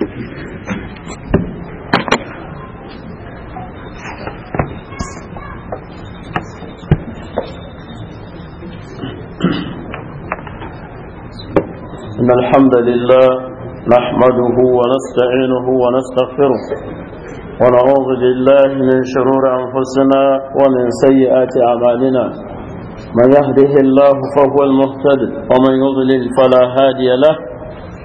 إن الحمد لله نحمده ونستعينه ونستغفره ونعوذ بالله من شرور أنفسنا ومن سيئات أعمالنا من يهده الله فهو المهتد ومن يضلل فلا هادي له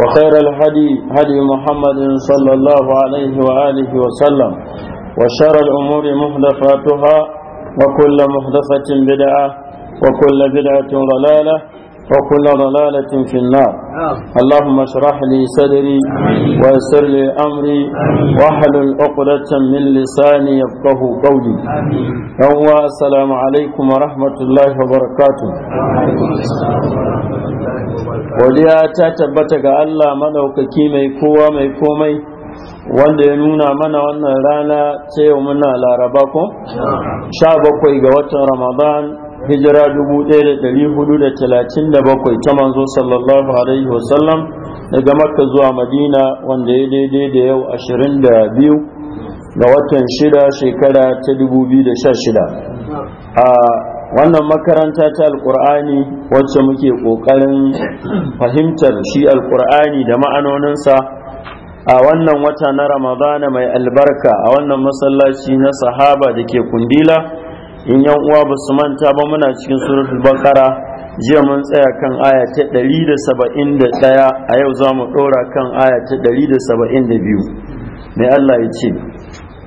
وخير الهدي هدي محمد صلى الله عليه وآله وسلم وشر الأمور محدثاتها وكل محدثة بدعة وكل بدعة ضلالة وكل ضلالة في النار اللهم اشرح لي صدري ويسر لي أمري واحلل عقدة من لساني يفقه قولي يوم السلام عليكم ورحمة الله وبركاته godiya ta tabbata ga Allah madaukaki mai kowa mai komai wanda ya nuna mana wannan rana ta yau muna laraba ko sha bakwai ga watan ramadan hijira 1437 ta manzo sallallahu alaihi wasallam daga makka zuwa madina wanda ya daidai da yau 22 ga watan shida shekara ta 2016 a wannan makaranta ta alkur'ani wacce muke ƙoƙarin fahimtar shi alkur'ani da ma'anoninsa a wannan wata na ramadana mai albarka a wannan masallaci na sahaba da ke kundila in yan uwa ba su manta ba muna cikin suratul bakara jiya mun tsaya kan aya ta 171 a yau za mu ɗora kan aya ta 172 mai allah ya ce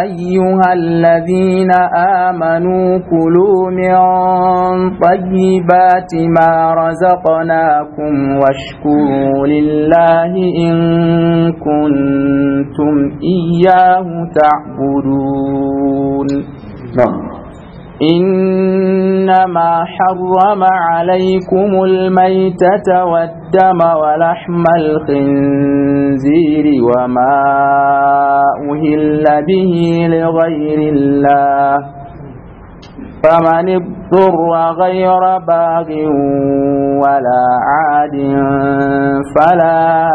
أيها الذين آمنوا كلوا من طيبات ما رزقناكم واشكروا لله إن كنتم إياه تعبدون نعم إنما حرم عليكم الميتة والدم ولحم الخنزير وما أهل به لغير الله فمن اضطر غير باغ ولا عاد فلا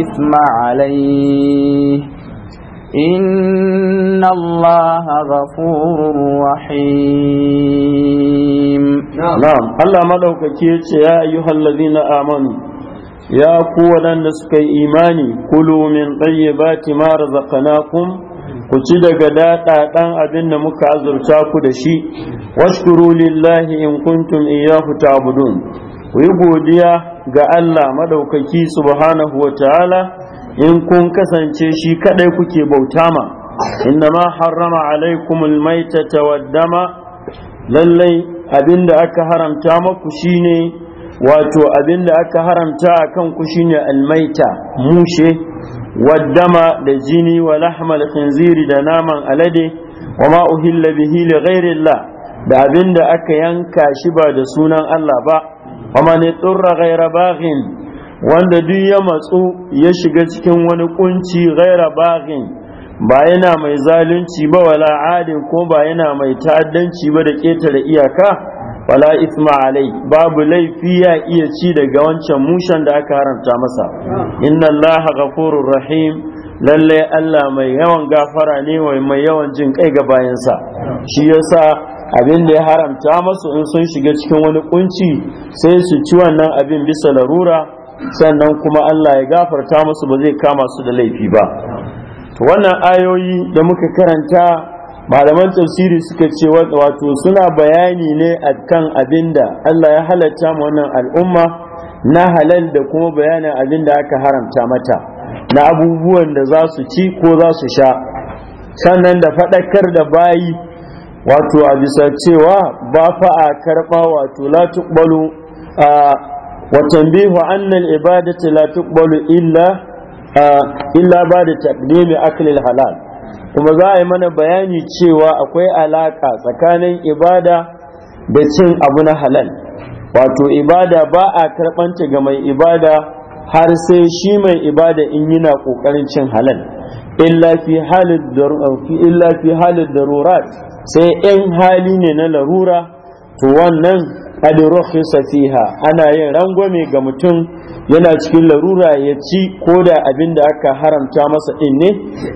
إثم عليه إن الله غفور رحيم نعم الله ملوك كيتش يا أيها الذين آمنوا يا قوة نسك إيماني كلوا من طيبات ما رزقناكم ku ci daga daɗaɗan dan abin da muka azurta ku da shi washkuru lillahi in kuntum iyyahu ta'budun ku yi godiya ga Allah madaukaki subhanahu wa ta'ala in kun kasance shi kadai kuke bauta ma inna ma harrama alaikumul maitata tawaddama lallai abinda aka haramta maku shine wato abinda aka haramta akan ku shine almaita mushe waddama da jini wa lahmal khinziri da naman alade wa ma uhilla bihi li ghairillah da abinda aka yanka shi ba da sunan Allah ba wa man turra ghaira baghin wanda duk ya matsu ya shiga cikin wani kunci ghaira baghin ba yana mai zalunci ba wala adin ko ba yana mai ta'addanci ba da ƙetare iyaka wala isma alai babu laifi ya iya ci daga wancan mushen da aka haramta masa inna allaha ghafurur rahim lalle Allah mai yawan gafara ne mai yawan jin kai ga bayansa shi yasa abin da ya haramta masu in sun shiga cikin wani kunci sai su ci wannan abin bisa larura sannan kuma Allah ya gafarta musu ba zai kama su da laifi ba to wannan ayoyi da muka karanta malaman tafsiri suka ce wato suna bayani ne akan abinda Allah ya halatta mu wannan al'umma na halal da kuma bayanin abinda aka haramta mata na abubuwan da za su ci ko za su sha sannan da faɗakar da bayi wato a bisa cewa ba fa a karɓa wato la tuqbalu a وتنبيه أن العبادة لا تقبل إلا إلا بعد تقديم أكل الحلال kuma za a yi mana bayani cewa akwai alaka tsakanin ibada da cin abu na halal wato ibada ba a karɓanta ga mai ibada har sai shi mai ibada in yana ƙoƙarin cin halal illa fi halin darurat sai in hali ne na larura to wannan qad rukhisa safiha ana yin rangwame ga mutum yana cikin larura ya ci ko da abin da aka haramta masa din ne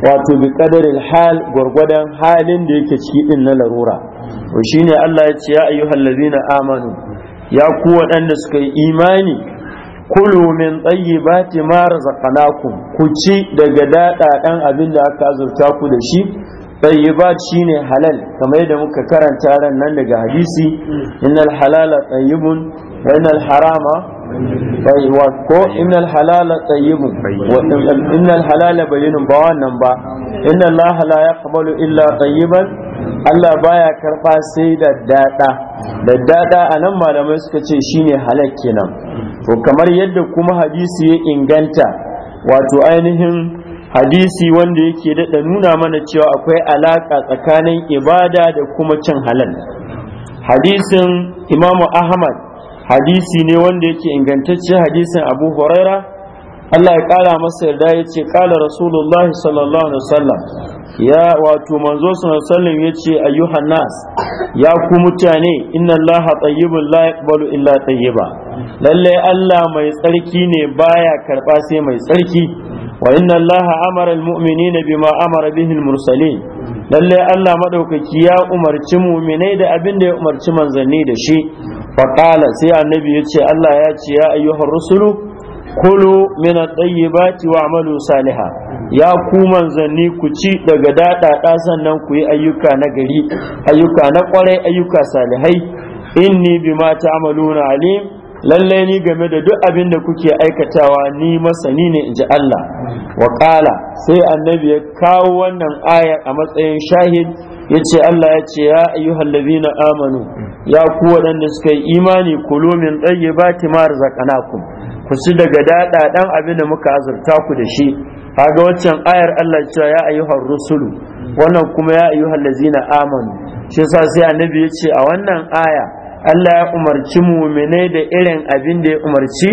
wato bi qadaril hal gwargwadon halin da yake ciki din na larura to shine Allah ya ce ya na amanu ya ku waɗanda suka yi imani kulu min ta ma razaqnakum ku ci daga daɗaɗan abin da aka azurta ku da shi tayyibat shine halal kamar yadda muka karanta ran nan daga hadisi innal halala tayyibun wa innal harama tayyibun ko innal halala tayyibun wa innal halala bayyinun ba wannan ba inna allaha la yaqbalu illa tayyiban Allah baya karba sai da dada da dada anan malamai suka ce shine halal kenan to kamar yadda kuma hadisi ya inganta wato ainihin hadisi wanda yake daɗa nuna mana cewa akwai alaƙa tsakanin ibada da kuma cin halal hadisin imamu ahmad hadisi ne wanda yake ingantacce hadisin abu huraira Allah ya ƙara masa yarda ya ce ƙala rasulullahi sallallahu alaihi wasallam ya wato manzo sallallahu alaihi ya ce ayyuhan nas ya ku mutane inna allaha tayyibun la yaqbalu illa tayyiba lalle Allah mai tsarki ne baya karba sai mai tsarki wa inna Allah amara almu'minina bima amara bihi almursalin lalle Allah madaukaki ya umarci mu'minai da abin da ya umarci manzanni da shi fa qala sai annabi ya ce Allah ya ce ya ayyuhar rusulu kulu min at-tayyibati wa'malu Saliha. ya ku manzanni ku ci daga daɗaɗa sannan ku yi ayyuka na gari ayyuka na ƙwarai ayyuka salihai inni bima ta'maluna alim lallai ni game da duk abin da kuke aikatawa ni masani ne in ji Allah wa sai annabi ya kawo wannan aya a matsayin shahid ya ce Allah ya ce ya ayyuhal ladina amanu ya ku waɗanda suka yi imani kulu min tayyibati ma razaqnakum ku ci daga dada dan abin da muka azurta ku da shi Haga waccan ayar Allah ya ce ya ayyuhar rusulu wannan kuma ya ayyuhal ladina amanu shi yasa sai annabi ya ce a wannan aya Allah ya umarci muminai da irin abin da ya umarci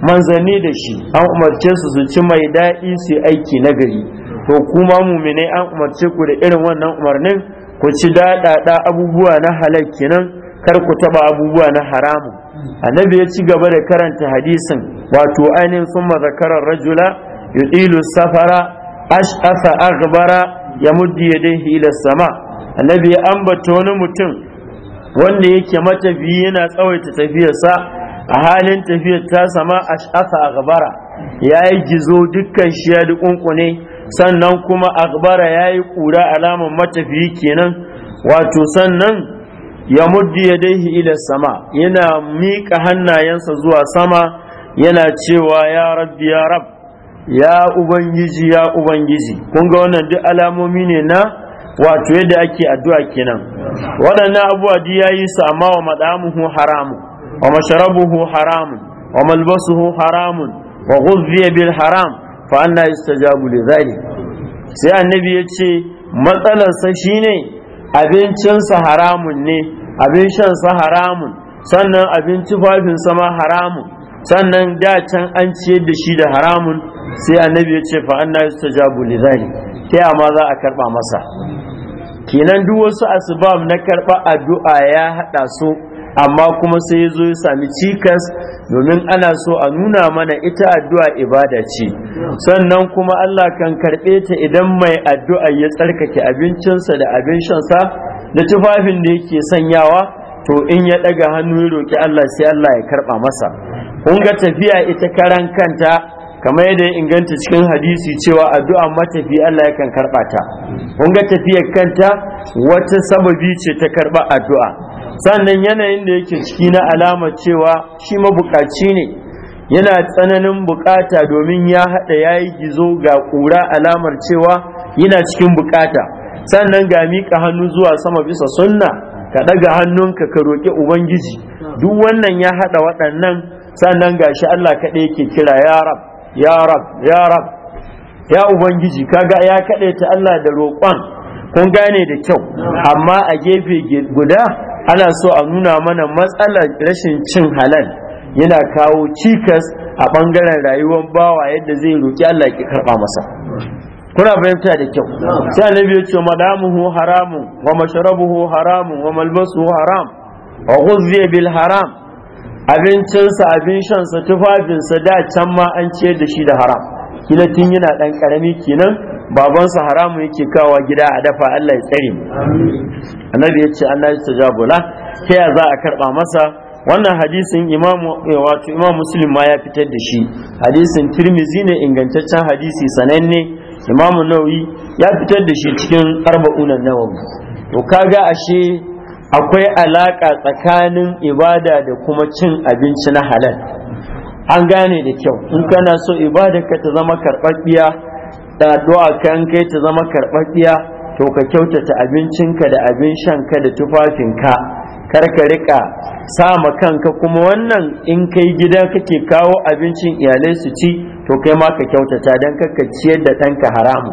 manzanni da shi an umarce su su ci mai daɗi su aiki na gari to kuma muminai an umarce ku da irin wannan umarnin ku ci daɗaɗa abubuwa na halal kenan kar ku taɓa abubuwa na haramu annabi ya ci gaba da karanta hadisin wato Ainin sun mazakarar rajula yudilu safara ash'afa aghbara ya muddi yadayhi ila sama annabi ya ambata wani mutum wanda yake matafiyi yana tsawaita tafiyarsa a halin tafiyar ta sama ash'asa a gabara ya yi gizo dukkan shi ya dukunkune sannan kuma agbara ya yi ƙura alamar matafiyi kenan wato sannan ya muddi ya daihi ila sama yana mika hannayensa zuwa sama yana cewa ya rabbi ya rab ya ubangiji ya ubangiji kun ga wannan duk alamomi ne na wato yadda ake addu'a kenan waɗannan abuwa duk yayi sa, amma wa madamuhu haramun wa masharabuhu haramun wa malbasuhu haramun wa ghuzziya bil haram fa anna yustajabu li dhalik sai annabi yace ce matsalarsa shine abincinsa haramun ne abin shansa haramun sannan abin sa ma haramun sannan da can an ciyar da shi da haramun sai annabi yace ce fa anna yustajabu li dhalik ta amma za a karba masa kenan duk wasu asibam na karɓa addu'a ya haɗa su amma kuma sai ya zo ya sami cikas domin ana so a nuna mana ita addu'a ibada ce sannan kuma Allah kan karɓe ta idan mai addu'a ya tsarkake abincinsa da abin shansa da tufafin da yake sanyawa to in ya ɗaga hannu ya roƙi Allah sai Allah ya karɓa masa kun ga tafiya ita karan kanta kamar yadda ya inganta cikin hadisi cewa addu'a matafi Allah yakan karɓa ta kun ga tafiyar kanta wata sababi ce ta karɓa addu'a sannan yanayin da yake ciki na alamar cewa shi mabukaci ne yana tsananin bukata domin ya haɗa ya yi gizo ga ƙura alamar cewa yana cikin bukata sannan ga miƙa hannu zuwa sama bisa sunna ka ɗaga hannunka ka roƙi ubangiji duk wannan ya haɗa waɗannan sannan ga shi Allah kaɗai yake kira ya rab ya rab ya rab ya ubangiji kaga ya ta Allah da roƙon kun gane da kyau amma a gefe guda ana so a nuna mana matsalar rashin cin halal yana kawo cikas a ɓangaren rayuwar bawa yadda zai roƙi Allah ya karɓa masa kuna fahimta da kyau sai annabi ya ce madamuhu haramun wa masharabuhu haramun wa malbasuhu haram wa ghuzziya bil haram abincinsa abin shansa tufafinsa da can ma an ciyar da shi da haram kila tun yana ɗan ƙarami kenan babansa haramu yake kawa gida a dafa Allah ya tsare annabi ya ce Allah ya tajabula ta ya za a karɓa masa wannan hadisin imamu eh, wato imam muslim ma ya fitar da shi hadisin tirmizi ne ingantaccen hadisi sananne imamu nawawi ya fitar da shi cikin arba'un nawawi to kaga ashe akwai alaƙa tsakanin ibada da kuma cin abinci na halal an gane da kyau in kana so ibada ka ta zama karɓaɓɓiya da addu'a kan kai ta zama karɓaɓɓiya to ka kyautata abincinka da abin ka da tufafinka kar ka riƙa sama kanka kuma wannan in kai gida kake kawo abincin iyalai su ci to kai ma ka kyautata don ka ciyar da ɗanka haramu,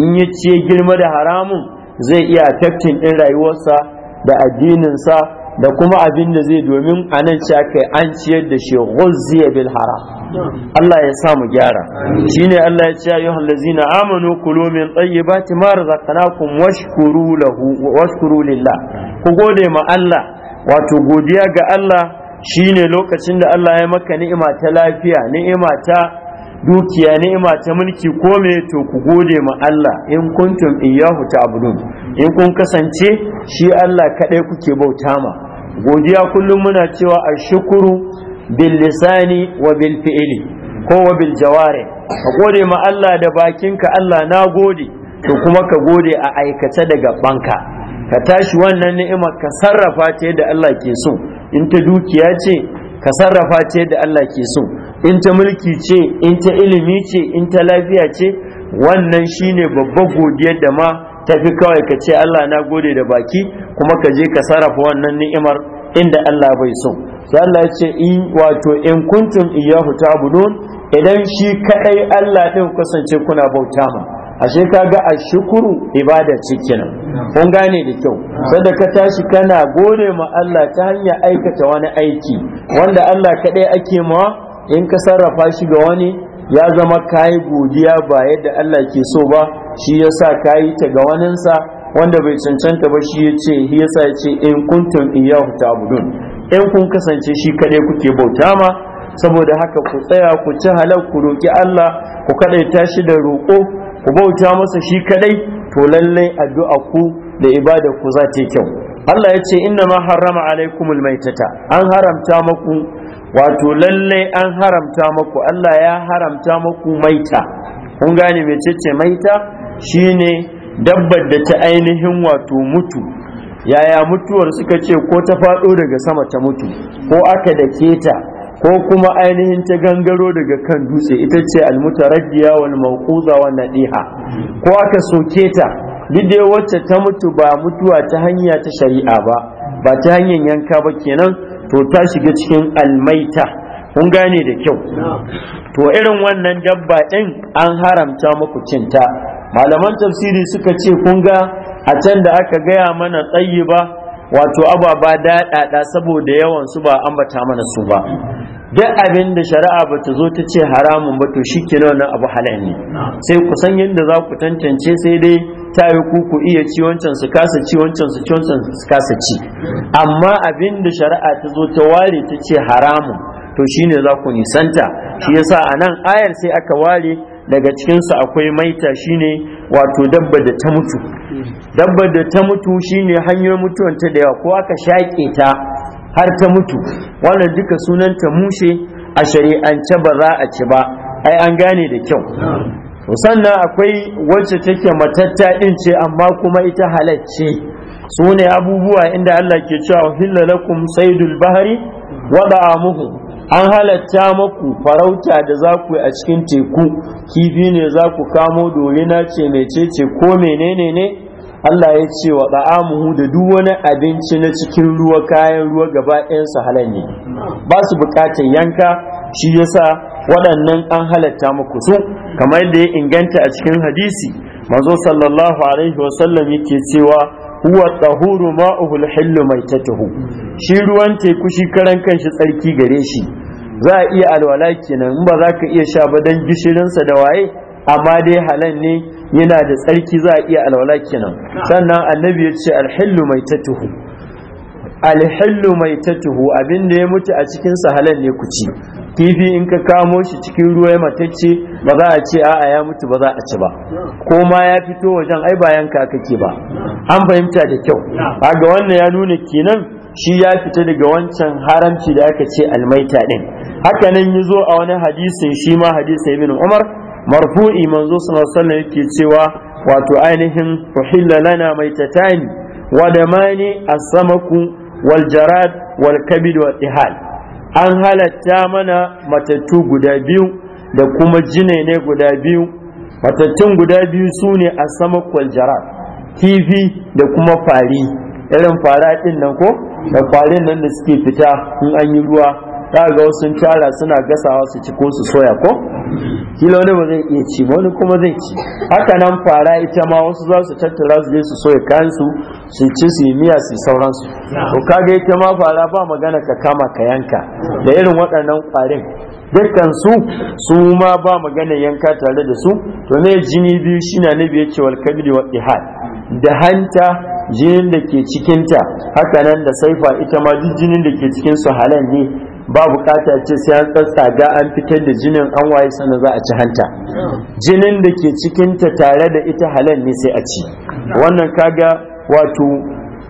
in ya ciye girma da haramun zai iya affecting ɗin rayuwarsa da addininsa da kuma abin da zai domin a nan yi an ciyar da shi ghuzziya bil haram Allah ya sa mu gyara shine Allah ya ce ayyuha lazina, amanu kulu min tayyibati ma razaqnakum washkuru lahu washkuru lillah ku gode ma Allah wato godiya ga Allah shine lokacin da Allah ya maka ni'ima ta lafiya ni'ima ta dukiya ni'ima ta mulki ko me to ku gode ma Allah in kuntum iyyahu ta'budun in kun kasance shi Allah kadai kuke bauta ma godiya kullum muna cewa ashkuru bil lisani wa bil fi'li ko wa bil jawari ka gode ma Allah da bakinka Allah na gode to kuma ka gode a aikace daga banka ka tashi wannan ni'ima ka sarrafa ta yadda Allah ke so in ta dukiya ce ka sarrafa ta yadda Allah ke so in ta mulki ce in ta ilimi ce in ta lafiya ce wannan shine babbar godiyar da ma tafi kawai ka ce Allah na gode da baki kuma ka je ka sarrafa wannan ni'imar inda Allah bai so sai Allah ya ce in wato in kuntum iyyahu ta'budun idan shi kadai Allah ɗin kasance kuna bauta ma ashe kaga a shukuru ibada ce kenan kun gane da kyau sanda ka tashi kana gode ma Allah ta hanyar aikata wani aiki wanda Allah kadai ake ma in ka sarrafa shi ga wani ya zama kayi godiya ba yadda Allah ke so ba shi ya yasa kayi ta ga waninsa wanda bai cancanta ba shi yace shi yasa ce in kuntum iyyahu ta'budun in kun kasance shi kadai kuke bauta ma saboda haka ku tsaya ku ci halal ku roki Allah ku kadaita shi da roƙo ku bauta masa shi kadai to lallai addu'a ku da ibada ku za ta yi kyau Allah ya ce inna ma harrama alaikumul maitata an haramta maku wato lalle an haramta maku Allah ya haramta maku maita kun gane mecece maita shine dabbar da ta ainihin wato mutu yaya mutuwar suka ce ko ta faɗo daga sama ta mutu ko aka da keta ko kuma ainihin ta gangaro daga kan dutse ita ce almutaraddiya wal mawquza wan nadiha ko aka soke ta duk wacce ta mutu ba mutuwa ta hanya ta shari'a ba ba ta hanyar yanka ba kenan to ta shiga cikin almaita kun gane da kyau to irin wannan dabba ɗin an haramta muku cinta malaman tafsiri suka ce kun ga a can da aka gaya mana tsayi ba wato ababa daɗaɗa saboda yawan su ba ambata mana su ba duk abin da shari'a ba ta zo ta ce haramun ba to shi ke wannan abu halal ne sai ku san yadda za ku tantance sai dai ta yi kuku iya ci wancan su kasa ci wancan su ci wancan su kasa ci amma abin da shari'a ta zo ta ware ta ce haramun to shi ne za ku nisanta shi yasa a nan ayar sai aka ware daga cikinsu akwai maita shi ne wato dabba da ta mutu dabba da ta mutu shi shine hanyoyin mutuwanta da yawa ko aka shaƙe ta har ta mutu wannan duka sunanta mushe a shari'ance ba za a ci ba ai an gane da kyau sannan akwai wacce take matatta din ce amma kuma ita halacce su abubuwa inda Allah ke cewa hilla lakum saydul bahri wada amuhu an halatta maku farauta da za ku yi a cikin teku kifi ne za ku kamo dorina ce mecece ko menene ne Allah ya ce wa ta'amuhu da duk wani abinci na cikin ruwa kayan ruwa gaba ɗayansa halal ne ba su buƙatar yanka shi yasa waɗannan an halatta maku. su kamar yadda ya inganta a cikin hadisi mazo sallallahu alaihi wasallam yake cewa huwa tsahuru ma'uhul hillu mai tatuhu shi ruwan teku shi karan kanshi tsarki gare shi za a iya alwala kenan in ba za ka iya sha ba don gishirinsa da waye amma dai halan ne yana da tsarki za a iya alwala kenan sannan annabi ya ce alhillu mai tatuhu alhillu mai tatuhu abin da ya mutu a cikin sahalan ne ku ci kifi in ka kamo shi cikin ruwa ya matacce ba za a ce a'a ya mutu ba za a ci ba ko ma ya fito wajen ai bayan ka kake ba an fahimta da kyau ga wannan ya nuna kenan shi ya fita daga wancan haramci da aka ce almaita din haka nan yi zo a wani hadisin shi ma hadisin ibn umar marfu'i manzo sallallahu yake cewa wato ainihin uhilla lana tatani wa damani as-samaku wal jarad wal kabid wal ihal an halatta mana matattu guda biyu da kuma jine ne guda biyu matattun guda biyu sune as-samaku wal jarad kifi da kuma fari irin fara din nan ko da farin nan da suke fita in an yi ruwa kaga ga wasu sun tara suna gasawa su ci ko su soya ko kila wani ba zai iya ci ba, wani kuma zai ci haka nan fara ita ma wasu za su tattara su je su soya kayan su su ci su yi miya su sauransu to kaga ita ma fara ba magana ka kama ka yanka da irin waɗannan ƙwarin dukkan su su ma ba magana yanka tare da su to ne jini biyu shine nabi ce wal kabiri wa ihad da hanta jinin da ke cikinta haka nan da saifa ita ma duk jinin da ke cikin su halal ne ba bukata ce sai an ga an fitar da jinin an waye sannan za a ci hanta jinin da ke cikinta tare da ita halal ne sai a ci wannan kaga wato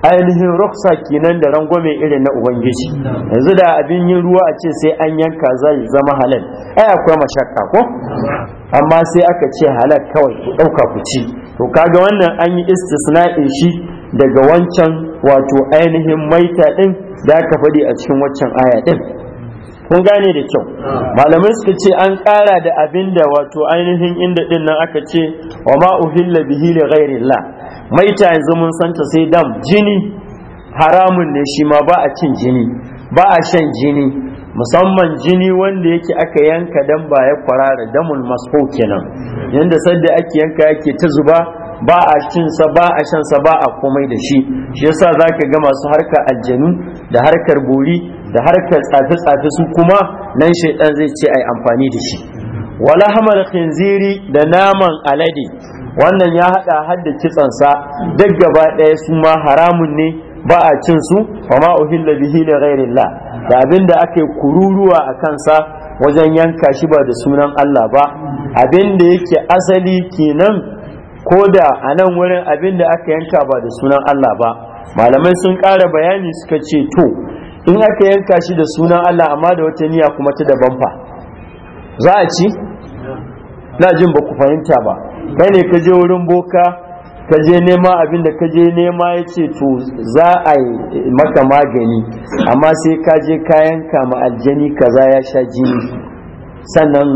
ainihin ruksa kenan da rangwame irin na ubangiji yanzu da abin yin ruwa a ce sai an yanka zai zama halal ai akwai mashakka ko amma sai aka ce halal kawai ku ɗauka ku ci to kaga wannan an yi istisna'in shi daga wancan wato ainihin maita ɗin da aka faɗi a cikin waccan aya ɗin kun gane da kyau malamai suka ce an kara da abin da wato ainihin inda ɗin nan aka ce wa ma uhilla bihi li ghairillah maita yanzu mun santa sai dam jini haramun ne shi ma ba a cin jini ba a shan jini musamman jini wanda yake aka yanka dan ba ya kwarara damul masfo kenan yanda sadda ake yanka yake ta zuba ba a sa ba a sa ba a komai da shi shi yasa zaka ga masu harkar aljanu da harkar bori da harkar tsafi-tsafi su kuma nan shaidan zai ce yi amfani da shi wala hamar khinziri da naman alade wannan ya hada hadda kitsansa duk gaba ɗaya su ma haramun ne ba a cin su fa ma uhilla bihi li ghairillah da abinda ake kururuwa a kansa wajen yanka shi ba da sunan Allah ba abinda yake asali kenan ko da a nan wurin abinda aka yanka ba da sunan Allah ba malamai sun ƙara bayani suka ce to in aka yanka shi da sunan Allah amma da wata niyya kuma ta daban fa za a ci na jin ba ku fahimta ba kai ne ka je wurin boka ka je nema abin da ka je nema ya ce to za a yi maka magani amma sai ka je ka yanka ma aljani kaza ya sha jini sannan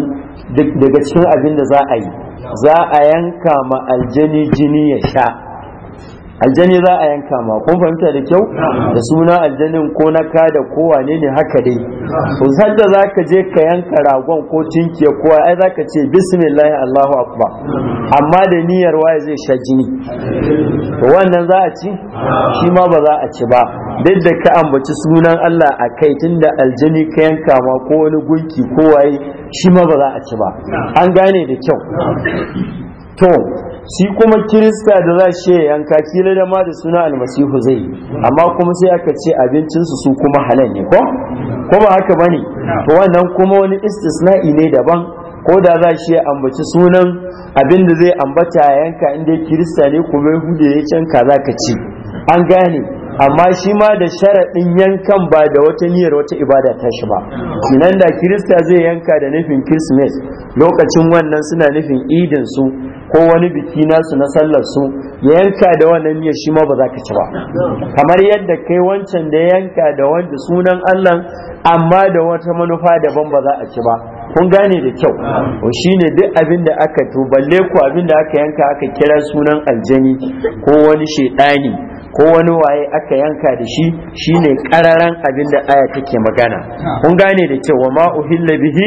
daga cikin abin da za a yi za a yanka ma aljani jini ya sha aljani za a yanka ma kun fahimta da kyau da suna aljanin ko na kada ko wane ne haka dai to sadda za ka je ka yanka ragon ko tinkiya ko ai zaka ce bismillah allahu akbar amma da niyyar waye zai sha jini wannan za a ci shi ma ba za a ci ba duk da ka ambaci sunan allah a kai tunda aljani ka yanka ma ko wani gunki ko waye shi ma ba za a ci ba an gane da kyau to shi kuma kirista da za shi yanka kila da ma da suna almasihu zai amma kuma sai aka ce abincinsu su kuma halal ne ko ko ba haka bane to wannan kuma wani istisna'i ne daban ko da za shi ya ambaci sunan abin da zai ambata yanka inda kirista ne kuma yahuda ya canka kaza ka ci an gane amma shi ma da sharaɗin yankan ba da wata niyyar wata ibada ta shi ba sinan da kirista zai yanka da nufin kirsimet lokacin wannan suna nufin idin su ko wani biki nasu na sallar su ya yanka da wannan miya shi ma ba za ka ci ba kamar yadda kai wancan da yanka da wanda sunan Allah amma da wata manufa daban ba za a ci ba kun gane da kyau to shine duk abin da aka to balle ku abin da aka yanka aka kira sunan aljani ko wani shedani ko wani waye aka yanka da shi shine kararan abin da aya take magana kun gane da kyau ma uhilla bihi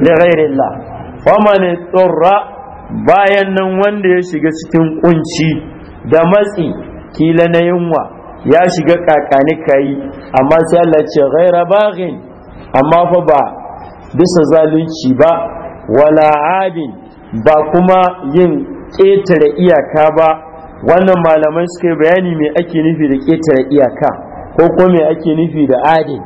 li ghairillah wa man bayan nan wanda ya shiga cikin kunci da matsi kila na yunwa ya shiga kakani kayi amma sai Allah ce ghaira baghin amma fa ba bisa zalunci ba wala adin ba kuma yin ƙetare iyaka ba wannan malamai suka yi bayani me ake nufi da ƙetare iyaka ko kuma me ake nufi da adin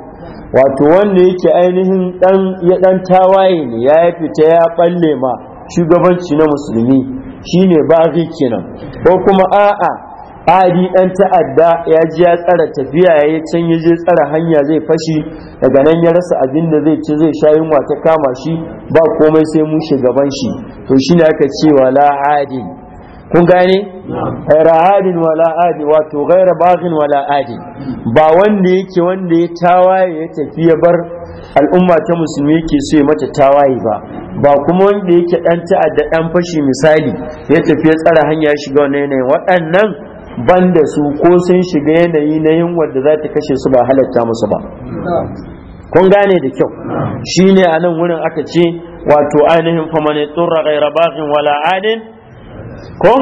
wato wanda yake ainihin dan ya dan tawaye ne ya fita ya balle ma shugabanci na musulmi shine zai kenan ko kuma a'a adi dan ta'adda ya ji ya tsara tafiya ya can ya je tsara hanya zai fashi daga nan ya rasa abin da zai ci zai sha yunwa ta kama shi ba komai sai mu shugaban shi to shine aka cewa la adi kun gane ghaira adin wala adi wato ghaira baghin wala adi ba wanda yake wanda ya tawaye ya tafi ya bar al'umma ta musulmi yake so ya mata tawaye ba ba kuma wanda yake dan ta'adda ɗan fashi misali ya tafi ya tsara hanya shiga wani yanayin waɗannan ban da su ko sun shiga yanayi na yin da za ta kashe su ba halatta musu ba kun gane da kyau shine a nan wurin aka ce wato ainihin famane tsurra gaira bakin wala adin ko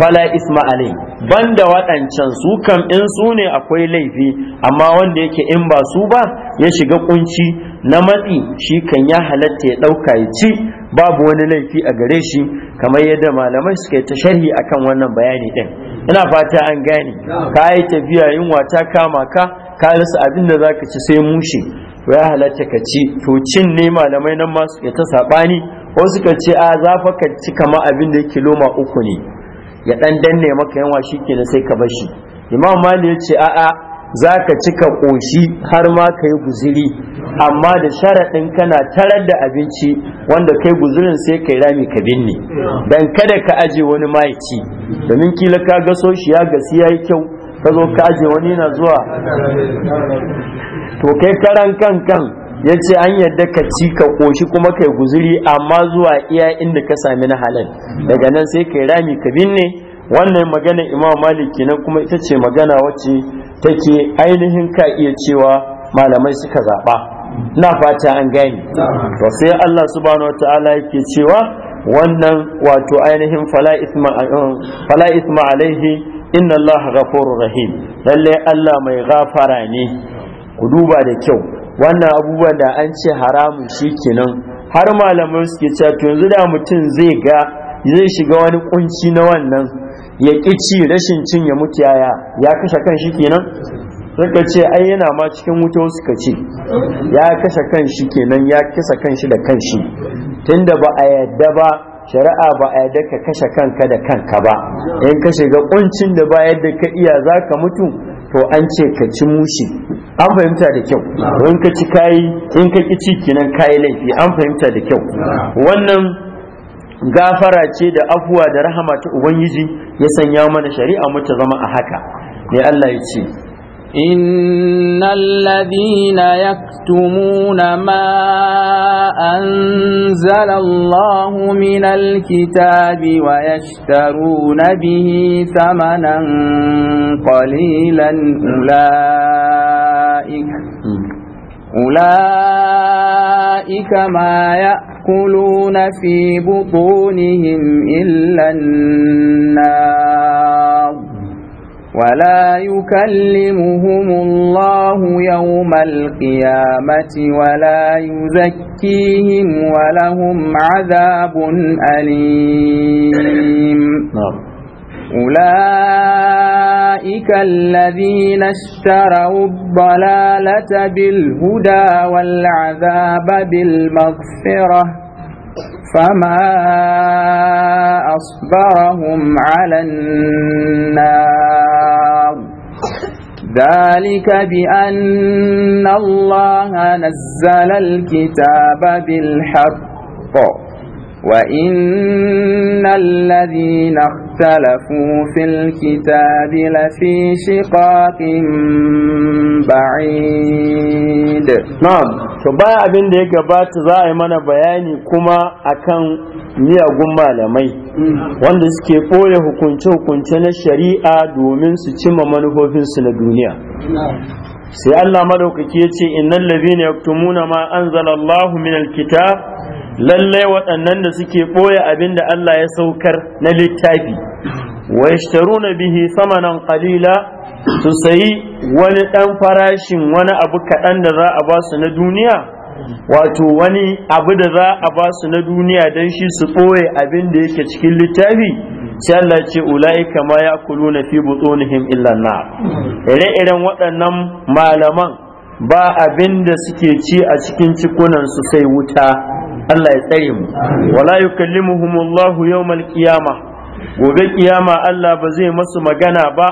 Bala isma alai banda waɗancan su kam in su ne akwai laifi amma wanda yake in ba su ba ya shiga kunci na matsi shi kan ya halatta ya ɗauka ya ci babu wani laifi a gare shi kamar yadda malamai suka ta sharhi akan wannan bayani ɗin ina fata an gane ka yi tafiya yunwa ta kama ka ka rasa abin da zaka ci sai mushi ya halatta ka ci to cin ne malamai nan ma suke ta saɓani wasu suka ce a za ka ci kama abin da yake loma uku ne ya dan danne maka yanwa shikenan sai ka bashi imam mali ya ce a'a za ka ci ka ƙoshi har ma ka yi guziri amma da sharaɗin kana tarar da abinci wanda kai guzirin sai kai rami ka binne dan kada ka aje wani mahaici. domin kila ka so shi ya gasi ya yi kyau ka zo ka aje wani na zuwa to kai karan kan kan ya ce an yadda ka ci ka ƙoshi kuma kai guzuri amma zuwa iya inda ka sami na halal daga nan sai kai rami ka binne wannan magana imam Maliki kenan kuma ita ce magana wacce take ainihin ka iya cewa malamai suka zaɓa na fata an gani to sai Allah subhanahu wataala yake cewa wannan wato ainihin fala isma fala isma alaihi inna Allah ghafurur rahim lalle Allah mai gafara ne ku duba da kyau wannan abubuwan da an ce haramun shi kenan har malamai suke cewa to yanzu da mutum zai ga zai shiga wani kunci na wannan ya ci rashin cin ya mutu yaya ya kashe kan shi kenan suka ce ai yana ma cikin wuta suka ce ya kashe kan shi kenan ya kisa kan shi da kan shi tunda ba a yadda ba shari'a ba a yadda ka kashe kanka da kanka ba in ka shiga kuncin da ba yadda ka iya za mutu to an ce ka ci mushi an fahimta da kyau in ka ci kayi in ka ci kinan kayi laifi an fahimta da kyau wannan gafara ce da afuwa da rahama ta ubangiji ya sanya mana shari'a mu zama a haka ne Allah ya ce إن الذين يكتمون ما أنزل الله من الكتاب ويشترون به ثمنا قليلا أولئك أولئك ما يأكلون في بطونهم إلا النار ولا يكلمهم الله يوم القيامة ولا يزكيهم ولهم عذاب أليم نعم. أولئك الذين اشتروا الضلالة بالهدى والعذاب بالمغفرة فما أصبرهم على النار ذلك بأن الله نزل الكتاب بالحق وإن الذين اختلفوا في الكتاب لفي شقاق بعيد نعم to baya abin da ya gabata za a yi mana bayani kuma akan miyagun malamai wanda suke ɓoye hukunce-hukunce na shari'a domin su cimma manufofinsu na duniya sai Allah madaukaki ya ce innal ladhina yaktumuna ma anzalallahu minal kitab lalle waɗannan da suke ɓoye abin da Allah ya saukar na littafi wa na bihi samanan qalila su sayi wani ɗan farashin wani abu kaɗan da za a ba su na duniya wato wani abu da za a ba su na duniya don shi su ɓoye abin da yake cikin littafi sai Allah ce ula'ika ma ya kulu na fi butunihim illa na ire-iren waɗannan malaman ba abin da suke ci a cikin cikunansu sai wuta Allah ya tsare mu wala yukallimuhumullahu yawmal qiyamah gobe kiyama Allah ba zai masu magana ba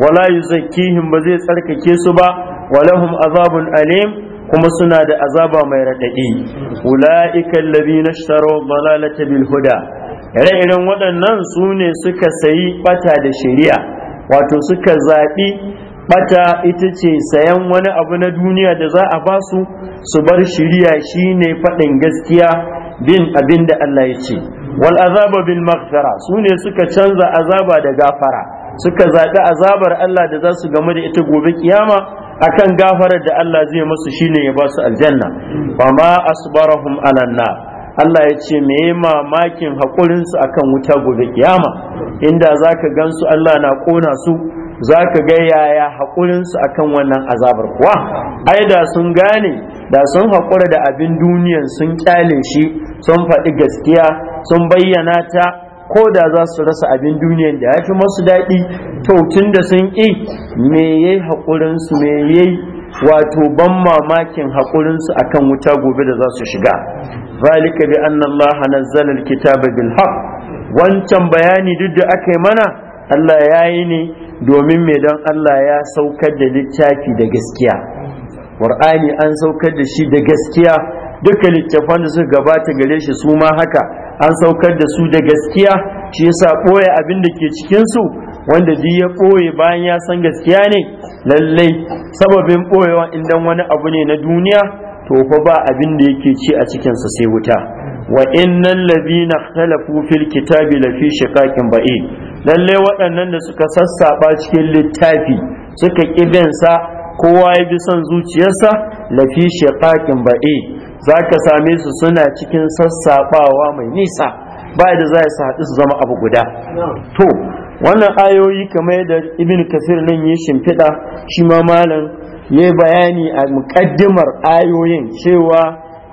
wala yuzakkihim ba zai tsarkake su ba walahum azabun alim kuma suna da azaba mai raɗaɗi ula'ika allazina ishtaraw dalalata bil huda ire-iren waɗannan su suka sayi bata da shari'a wato suka zaɓi bata ita ce sayan wani abu na duniya da za a ba su su bar shiriya ne faɗin gaskiya bin abin da Allah ya ce wal azaba bil maghfara su ne suka canza azaba da gafara suka zaɓi azabar Allah da za su gamu da ita gobe kiyama akan gafarar da Allah zai musu shine ya ba su aljanna ba ma asbarahum alanna Allah ya ce me mamakin haƙurinsu akan wuta gobe kiyama inda za ka gansu Allah na kona su za ka ga yaya haƙurinsu a kan wannan azabar kuwa ai da sun gane da sun haƙura da abin duniyan sun ƙyale shi sun faɗi gaskiya sun bayyana ta ko da za su rasa abin duniyan da ya fi masu daɗi Tautun da sun ƙi me yi haƙurinsu me yi wato ban mamakin haƙurinsu akan wuta gobe da za su shiga zalika bi annan Allah na zalar bil haqq wancan bayani duk da aka yi mana Allah ya yi ne domin mai don Allah ya saukar da littafi da gaskiya ƙur'ani an saukar da shi da gaskiya duka littafan da suka gabata gare shi su ma haka an saukar da su da gaskiya shi yasa ɓoye abin da ke cikinsu wanda duk ya ɓoye bayan ya san gaskiya ne lallai sababin ɓoyewa idan wani abu ne na duniya to fa ba abin da yake ci a cikinsa sai wuta wa innal ladina ikhtalafu fil kitabi lafi shiqaqin ba'id lalle waɗannan da suka sassaɓa cikin littafi suka ƙibinsa kowa ya bi son zuciyarsa lafi shekakin baɗe za ka same su suna cikin sassaɓawa mai nisa ba da za su haɗu su zama abu guda to wannan ayoyi kamar da ibn kasir nan ya shimfiɗa shi ma malam ya bayani a muƙaddimar ayoyin cewa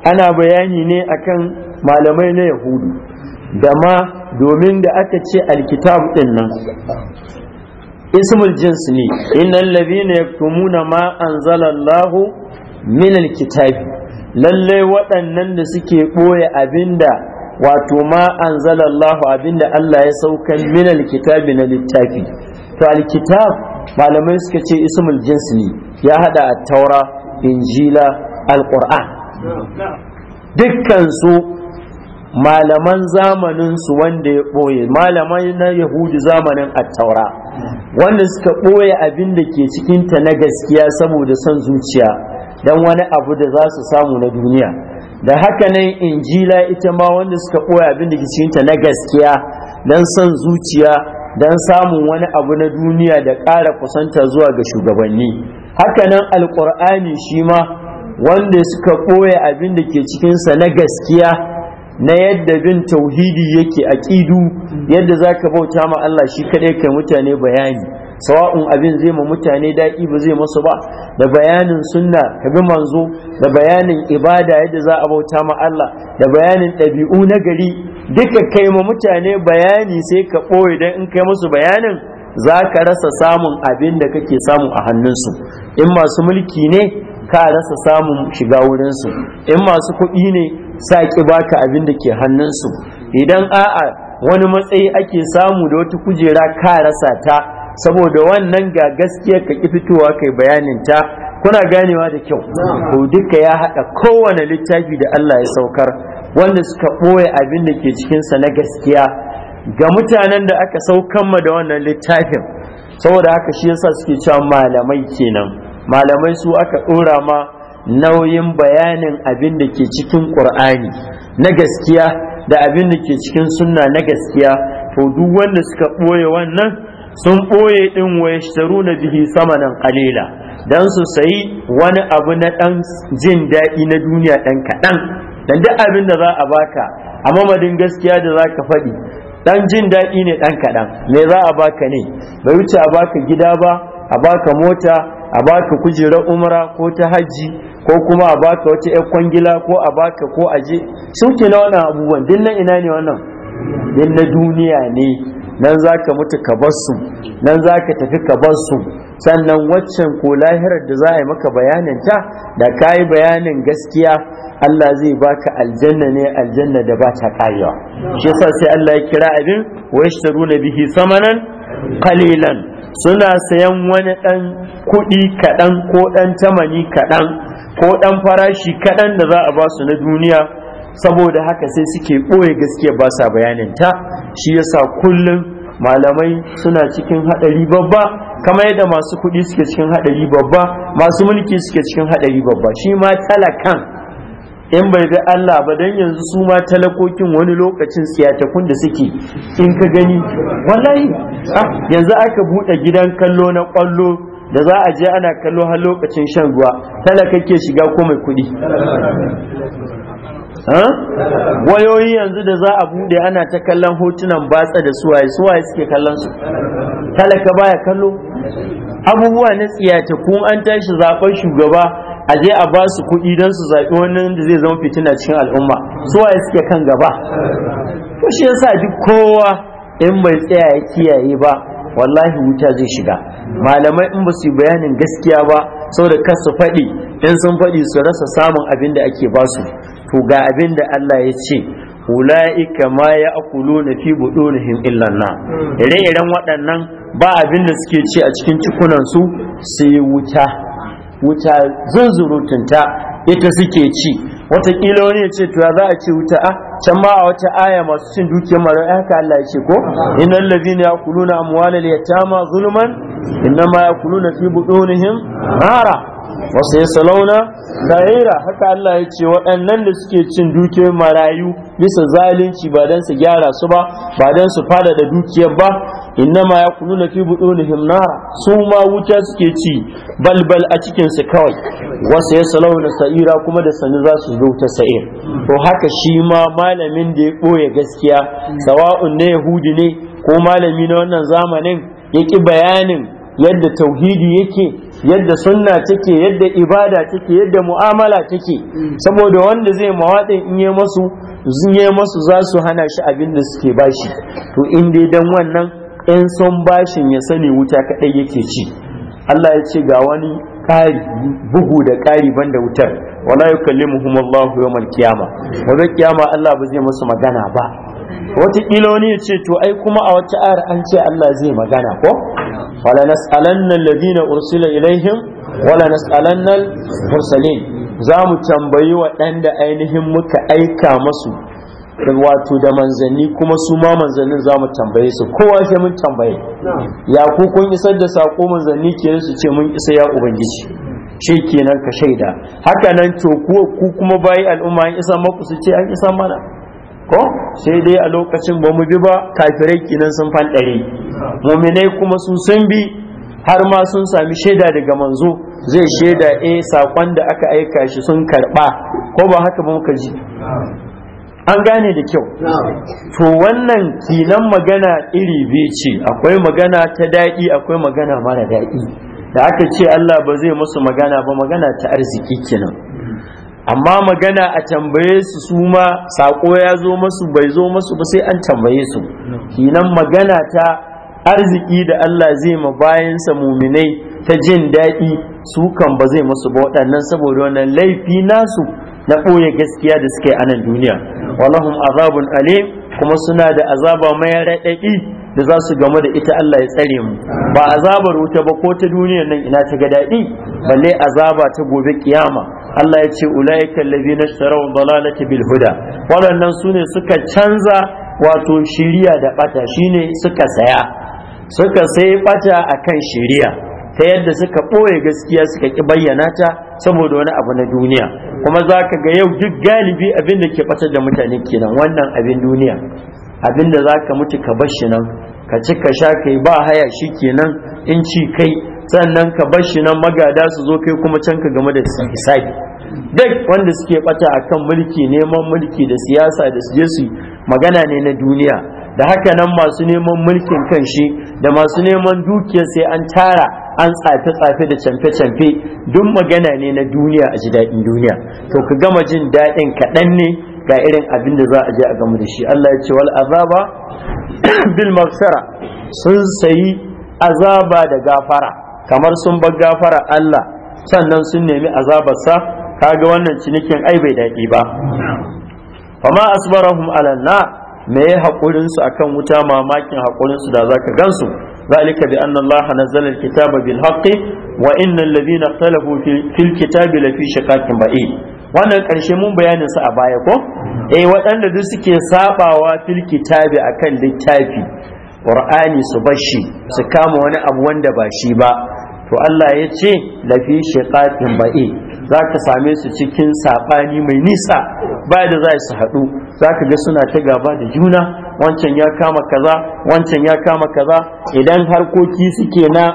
ana bayani ne akan malamai na yahudu da ma domin da aka ce alkitab din nan ismul jins ne innal ladhina yaktumuna ma anzalallahu min alkitab lalle waɗannan da suke ɓoye abinda wato ma anzalallahu abinda Allah ya saukan min alkitab na littafi to alkitab malamai suka ce ismul jins ne ya haɗa a taura injila al dukkan su malaman zamanin su wanda ya ɓoye malaman na yahudi zamanin attaura wanda suka ɓoye abin da ke cikinta na gaskiya saboda son zuciya don wani abu da za su samu na duniya da haka nan injila ita ma wanda suka ɓoye abin da ke cikinta na gaskiya don son zuciya don samun wani abu na duniya da ƙara kusanta zuwa ga shugabanni haka nan alƙur'ani shi ma wanda suka ɓoye abin da ke cikinsa na gaskiya na yadda bin tauhidi yake aƙidu, yadda za ka bauta ma Allah shi kaɗai ka mutane bayani sawa'un abin zai ma mutane daɗi ba zai masu ba da bayanin sunna ka bi manzo da bayanin ibada yadda za a bauta ma Allah da bayanin ɗabi'u na gari duka kai ma mutane bayani sai ka ɓoye don in kai musu bayanin za ka rasa samun abin da kake samu a hannunsu in masu mulki ne ka rasa samun shiga wurinsu in masu kuɗi ne sa ki baka abin da ke hannunsu idan a'a wani matsayi ake samu da wata kujera ka rasa ta saboda wannan ga gaskiya ka ki fitowa kai bayanin ta kuna ganewa da kyau ko duka ya haɗa kowane littafi da Allah ya saukar wanda suka ɓoye abin da ke cikinsa na gaskiya ga mutanen da aka saukan ma da wannan littafin saboda haka shi yasa suke cewa malamai kenan malamai su aka ɗora ma nauyin bayanin abin da ke cikin ƙur'ani na gaskiya da abin da ke cikin sunna na gaskiya to duk wanda suka ɓoye wannan sun ɓoye ɗin waya sharu na bihi samanan ƙalila don su sayi wani abu na ɗan jin daɗi na duniya ɗan kaɗan dan duk abin da za a baka a mamadin gaskiya da za ka faɗi ɗan jin daɗi ne ɗan kaɗan me za a baka ne bai wuce a baka gida ba a baka mota a baka kujerar umara ko ta hajji ko kuma a baka wata yar kwangila ko a baka ko aje suke na wannan abubuwan din ina ne wannan din duniya ne nan za ka mutu ka bar su nan ka tafi ka bar su sannan waccan ko lahirar da za a yi maka bayanin ta da ka yi bayanin gaskiya Allah zai baka aljanna ne aljanna da ba ta karewa shi yasa sai Allah ya kira abin wa yashtaruna bihi samanan qalilan suna sayan wani ɗan kuɗi kaɗan ko ɗan tamani kaɗan ko ɗan farashi kaɗan da za a ba su na duniya saboda haka sai suke ɓoye gaskiya ba sa ta, shi yasa kullum malamai suna cikin haɗari babba kamar yadda masu kuɗi suke cikin haɗari babba masu mulki suke cikin haɗari babba shi ma talakan in bai ga Allah ba dan yanzu su ma talakokin wani lokacin siyatakun da suke in ka gani wallahi ah, yanzu aka buɗe gidan kallo na ƙwallo da za a je ana kallo har lokacin shan ruwa talaka ke shiga ko mai kuɗi wayoyi yanzu da za a bude ana ta kallon hotunan batsa da suwaye suwaye suke kallon su talaka baya kallo abubuwa na tsiyata kun an tashi zaben shugaba a je a ba su kuɗi don su zaɓi wani da zai zama fitina cikin al'umma su waye suke kan gaba ko shi yasa duk kowa in bai tsaya ya kiyaye ba wallahi wuta zai shiga malamai in ba su yi bayanin gaskiya ba saboda kar su faɗi in sun faɗi su rasa samun abin da ake ba su to ga abin da Allah ya ce ula'ika ma ya akulu na fi na illan illanna ire-iren waɗannan ba abin da suke ci a cikin cikunansu sai wuta wuta zunzurutunta ita suke ci watakila wani ya ce to za a ce wuta a ah, can ma a wata aya masu cin dukiyar mara ka Allah ya ce ko innal ladhina yaquluna amwalal yatama zulman kulu na fi butunihim nara wa sayaslawna sa'ira haka Allah ya ce waɗannan da suke cin dukiyar marayu bisa zalunci ba dan su gyara su ba ba dan su fada da dukiyar ba inna ya kunu na fi buɗunihim nara su ma wuta suke ci balbal a cikinsu kawai wasu ya salau na sa'ira kuma da sani za su zo ta sa'ir to haka shi ma malamin da ya ɓoye gaskiya sawa'un na yahudi ne ko malami na wannan zamanin ya ƙi bayanin yadda tauhidi yake yadda sunna take yadda ibada take yadda mu'amala take saboda wanda zai mawaɗin in yi masu masu za su hana shi abin da suke bashi to in dai dan wannan in son bashin ya sani wuta kaɗai yake ci Allah ya ce ga wani ƙari bugu da ƙari ban da wutar wala kalli kalli yawmal yau wanda kiyama Allah ba zai masa magana ba wataƙila wani ya ce to ai kuma a wata ayar an ce Allah zai magana ko wala nas'alanna alladhina ursila ilaihim wala nas'alanna mursalin za mu tambayi waɗanda ainihin muka aika masu wato da manzanni kuma su ma manzannin za mu tambaye su kowa sai mun tambaye ya ku kun isar da sako manzanni ke su ce mun isa ya ubangiji shi kenan ka shaida haka nan to ku kuma bayi al'umma an isa maku su ce an isa mana ko sai dai a lokacin ba mu bi ba kafirai kenan sun fanɗare muminai kuma su sun bi har ma sun sami shaida daga manzo zai shaida eh sakon da aka aika shi sun karɓa. ko ba haka ba muka ji an gane da kyau to wannan kinan magana iri biyu ce akwai magana ta daɗi akwai magana mara daɗi da aka ce Allah ba zai musu magana ba magana ta arziki kenan amma magana a tambaye su su ma sako ya zo masu bai zo masu ba sai an tambaye su kinan magana ta arziki da Allah zai ma bayansa muminai ta jin daɗi su kan ba zai musu ba waɗannan saboda wannan laifi nasu na ɓoye gaskiya da suka yi a duniya wallahun azabun alim kuma suna da azaba mai raɗaɗi da za su gamu da ita Allah ya tsare mu ba azabar wuta ba ko ta duniyar nan ina ta ga daɗi balle azaba ta gobe kiyama Allah ya ce ulaiikal ladina sharau dalalata bil huda waɗannan ne suka canza wato shiriya da bata shine suka saya suka sai bata akan shiriya ta yadda suka ɓoye gaskiya suka ki bayyana ta saboda wani abu na duniya kuma za ka ga yau duk galibi abin da ke fatar da mutane kenan wannan abin duniya abin da za ka mutu ka bashi nan ka ci ka sha kai ba haya shi kenan in ci kai sannan ka bashi nan magada su zo kai kuma can ka game da hisabi duk wanda suke bata akan mulki neman mulki da siyasa da su je magana ne na duniya da haka nan masu neman mulkin kan shi da masu neman dukiya sai an tara an tsafe-tsafe da camfe-camfe duk magana ne na duniya a ji daɗin duniya to ka gama jin daɗin kaɗan ne ga irin abin da za a je a gama da shi Allah ya ce wal azaba bil mafsara sun sayi azaba da gafara kamar sun bar gafara Allah sannan sun nemi azabar azabarsa kaga wannan cinikin ai bai daɗi ba fama asbarahum alanna me haƙurinsu akan wuta mamakin haƙurinsu da zaka gansu ذلك بأن الله نزل الكتاب بالحق وإن الذين اختلفوا في الكتاب لفي شقاق بعيد wannan ƙarshe mun bayanin su a baya ko eh waɗanda duk suke sabawa fil kitabi akan littafi qur'ani su bashi su kama wani abu wanda ba shi ba to Allah ya ce lafi shiqaqin ba'i za ka same su cikin sabani mai nisa ba da za su haɗu za ka ga suna ta gaba da juna wancan ya kama kaza wancan ya kama kaza idan harkoki suke na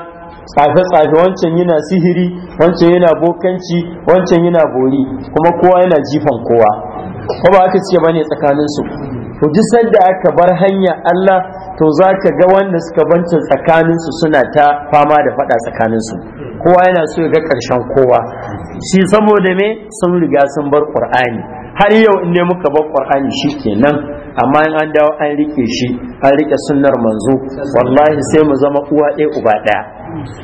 tsafe-tsafe wancan yana sihiri wancan yana bokanci wancan yana bori kuma kowa yana jifan kowa ko ba aka ce bane tsakanin su to duk sanda aka bar hanya Allah to zaka ga wanda suka banta tsakanin su suna ta fama da faɗa tsakanin su kowa yana so ya ga karshen kowa shi saboda me sun riga sun bar qur'ani har yau in ne muka bar qur'ani shikenan amma in an dawo an rike shi an rike sunnar manzo wallahi sai mu zama uwa ɗaya uba ɗaya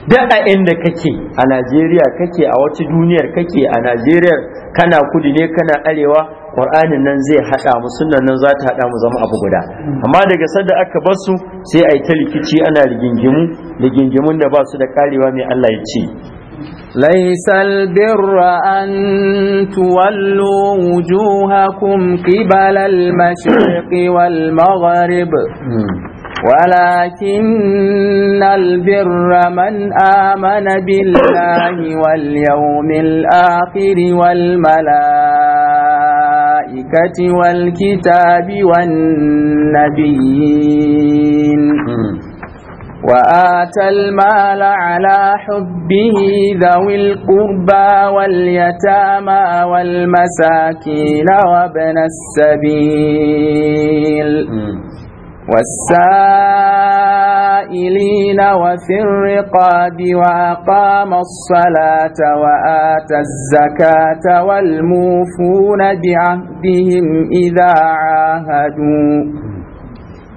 duk a inda kake a Najeriya kake a wata duniyar kake a Najeriya kana kudu ne kana arewa qur'anin nan zai haɗa mu sunnan nan za ta haɗa mu zama abu guda amma daga sanda aka bar su sai a yi ta rikici ana rigingimu rigingimun da ba su da karewa mai Allah ya ce ليس البر أن تولوا وجوهكم قبل المشرق والمغرب ولكن البر من آمن بالله واليوم الآخر والملائكة والكتاب والنبيين وآتى المال على حبه ذوي القربى واليتامى والمساكين وابن السبيل والسائلين وفي الرقاب وأقام الصلاة وآتى الزكاة والموفون بعهدهم إذا عاهدوا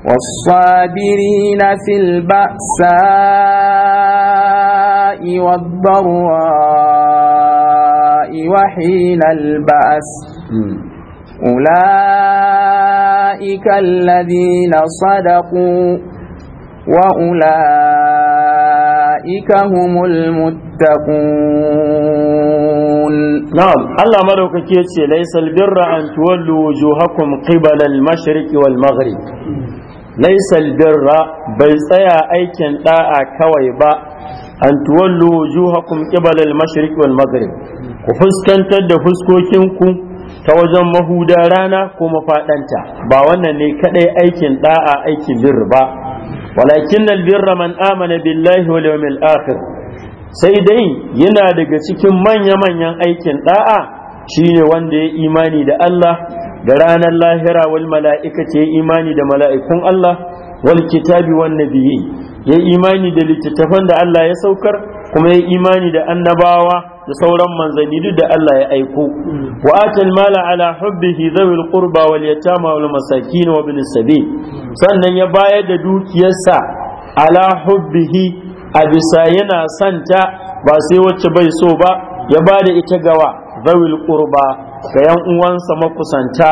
والصابرين في البأساء والضراء وحين البأس أولئك الذين صدقوا وأولئك هم المتقون نعم الله ملوك كيتشي ليس البر أن تولوا وجوهكم قبل المشرق والمغرب laisal birra bai tsaya aikin da'a kawai ba an tuwallu wujuhakum qibala al-mashriq wal maghrib ku fuskantar da fuskokinku ta wajen mahuda rana ko mafaɗanta ba wannan ne kadai aikin da'a aikin bir ba walakin birra man amana billahi wal yawmil akhir sai dai yana daga cikin manya-manyan aikin da'a shine wanda ya imani da Allah da ranar lahira wal mala'ika ce imani da mala'ikun Allah wal kitabi wan nabiyyi ya imani da littattafan da Allah ya saukar kuma ya imani da annabawa da sauran manzanni duk da Allah ya aiko wa atal mala ala hubbihi zawil qurba wal yatama wal masakin wa sabil sannan ya bayar da dukiyarsa ala hubbihi a bisa yana santa ba sai wacce bai so ba ya bada ita gawa zawil qurba ga yan uwansa makusanta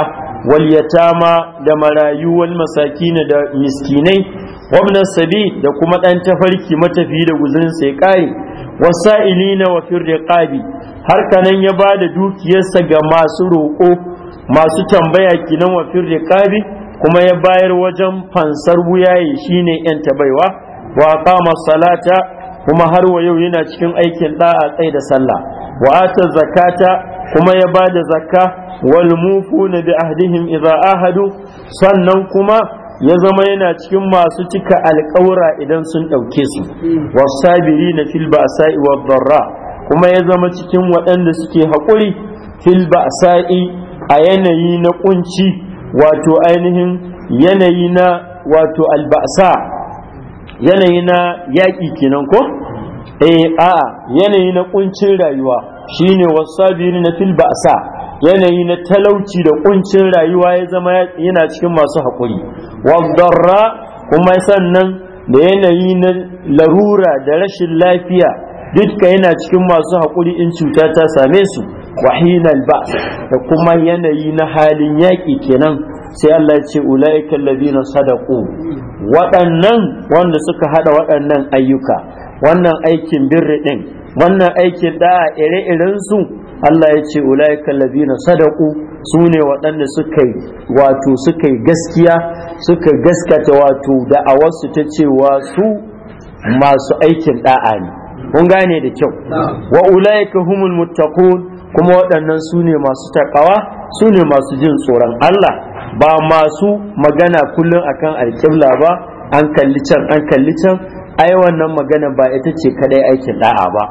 wal yatama da marayu wal masakin da miskinai wabnan sabi da kuma ɗan tafarki matafi da guzurin sai kai wasa'ilina wa fir riqabi har kanan ya bada dukiyarsa ga masu roƙo masu tambaya kinan wa fir kuma ya bayar wajen fansar wuyaye shine yan tabaiwa wa qama salata kuma har wa yau yana cikin aikin da'a tsaye da sallah wa ata zakata kuma ya ba da zakka wal na bi ahdihim idza ahadu sannan kuma ya zama yana cikin masu cika alƙawura idan sun ɗauke su wasabiri na fil ba'sa'i wad darra kuma ya zama cikin waɗanda suke haƙuri fil ba'sa'i a yanayi na kunci wato ainihin yanayi na wato alba'sa yanayi na yaƙi kenan ko eh a'a yanayi na kuncin rayuwa shine wasabiri na fil ba'sa yanayi na talauci da kuncin rayuwa ya zama yana cikin masu haƙuri wadarra kuma sannan da yanayi na larura da rashin lafiya dukka yana cikin masu haƙuri in cuta ta same su wahinal ba da kuma yanayi na halin yaƙi kenan sai Allah ya ce ula'ika alladhina sadaqu waɗannan wanda suka hada waɗannan ayyuka wannan aikin birri din wannan aikin da ire-iren su Allah ya ce ulaika ladina su ne waɗanda suka yi wato suka yi gaskiya suka gaskata wato da'awarsu ta cewa su masu aikin da'a ne kun gane da kyau wa ulaika humul muttaqun kuma waɗannan su ne masu takawa su ne masu jin tsoron Allah ba masu magana kullum akan alƙibla ba an kalli can an kalli can ai wannan magana ba ita ce kadai aikin da'a ba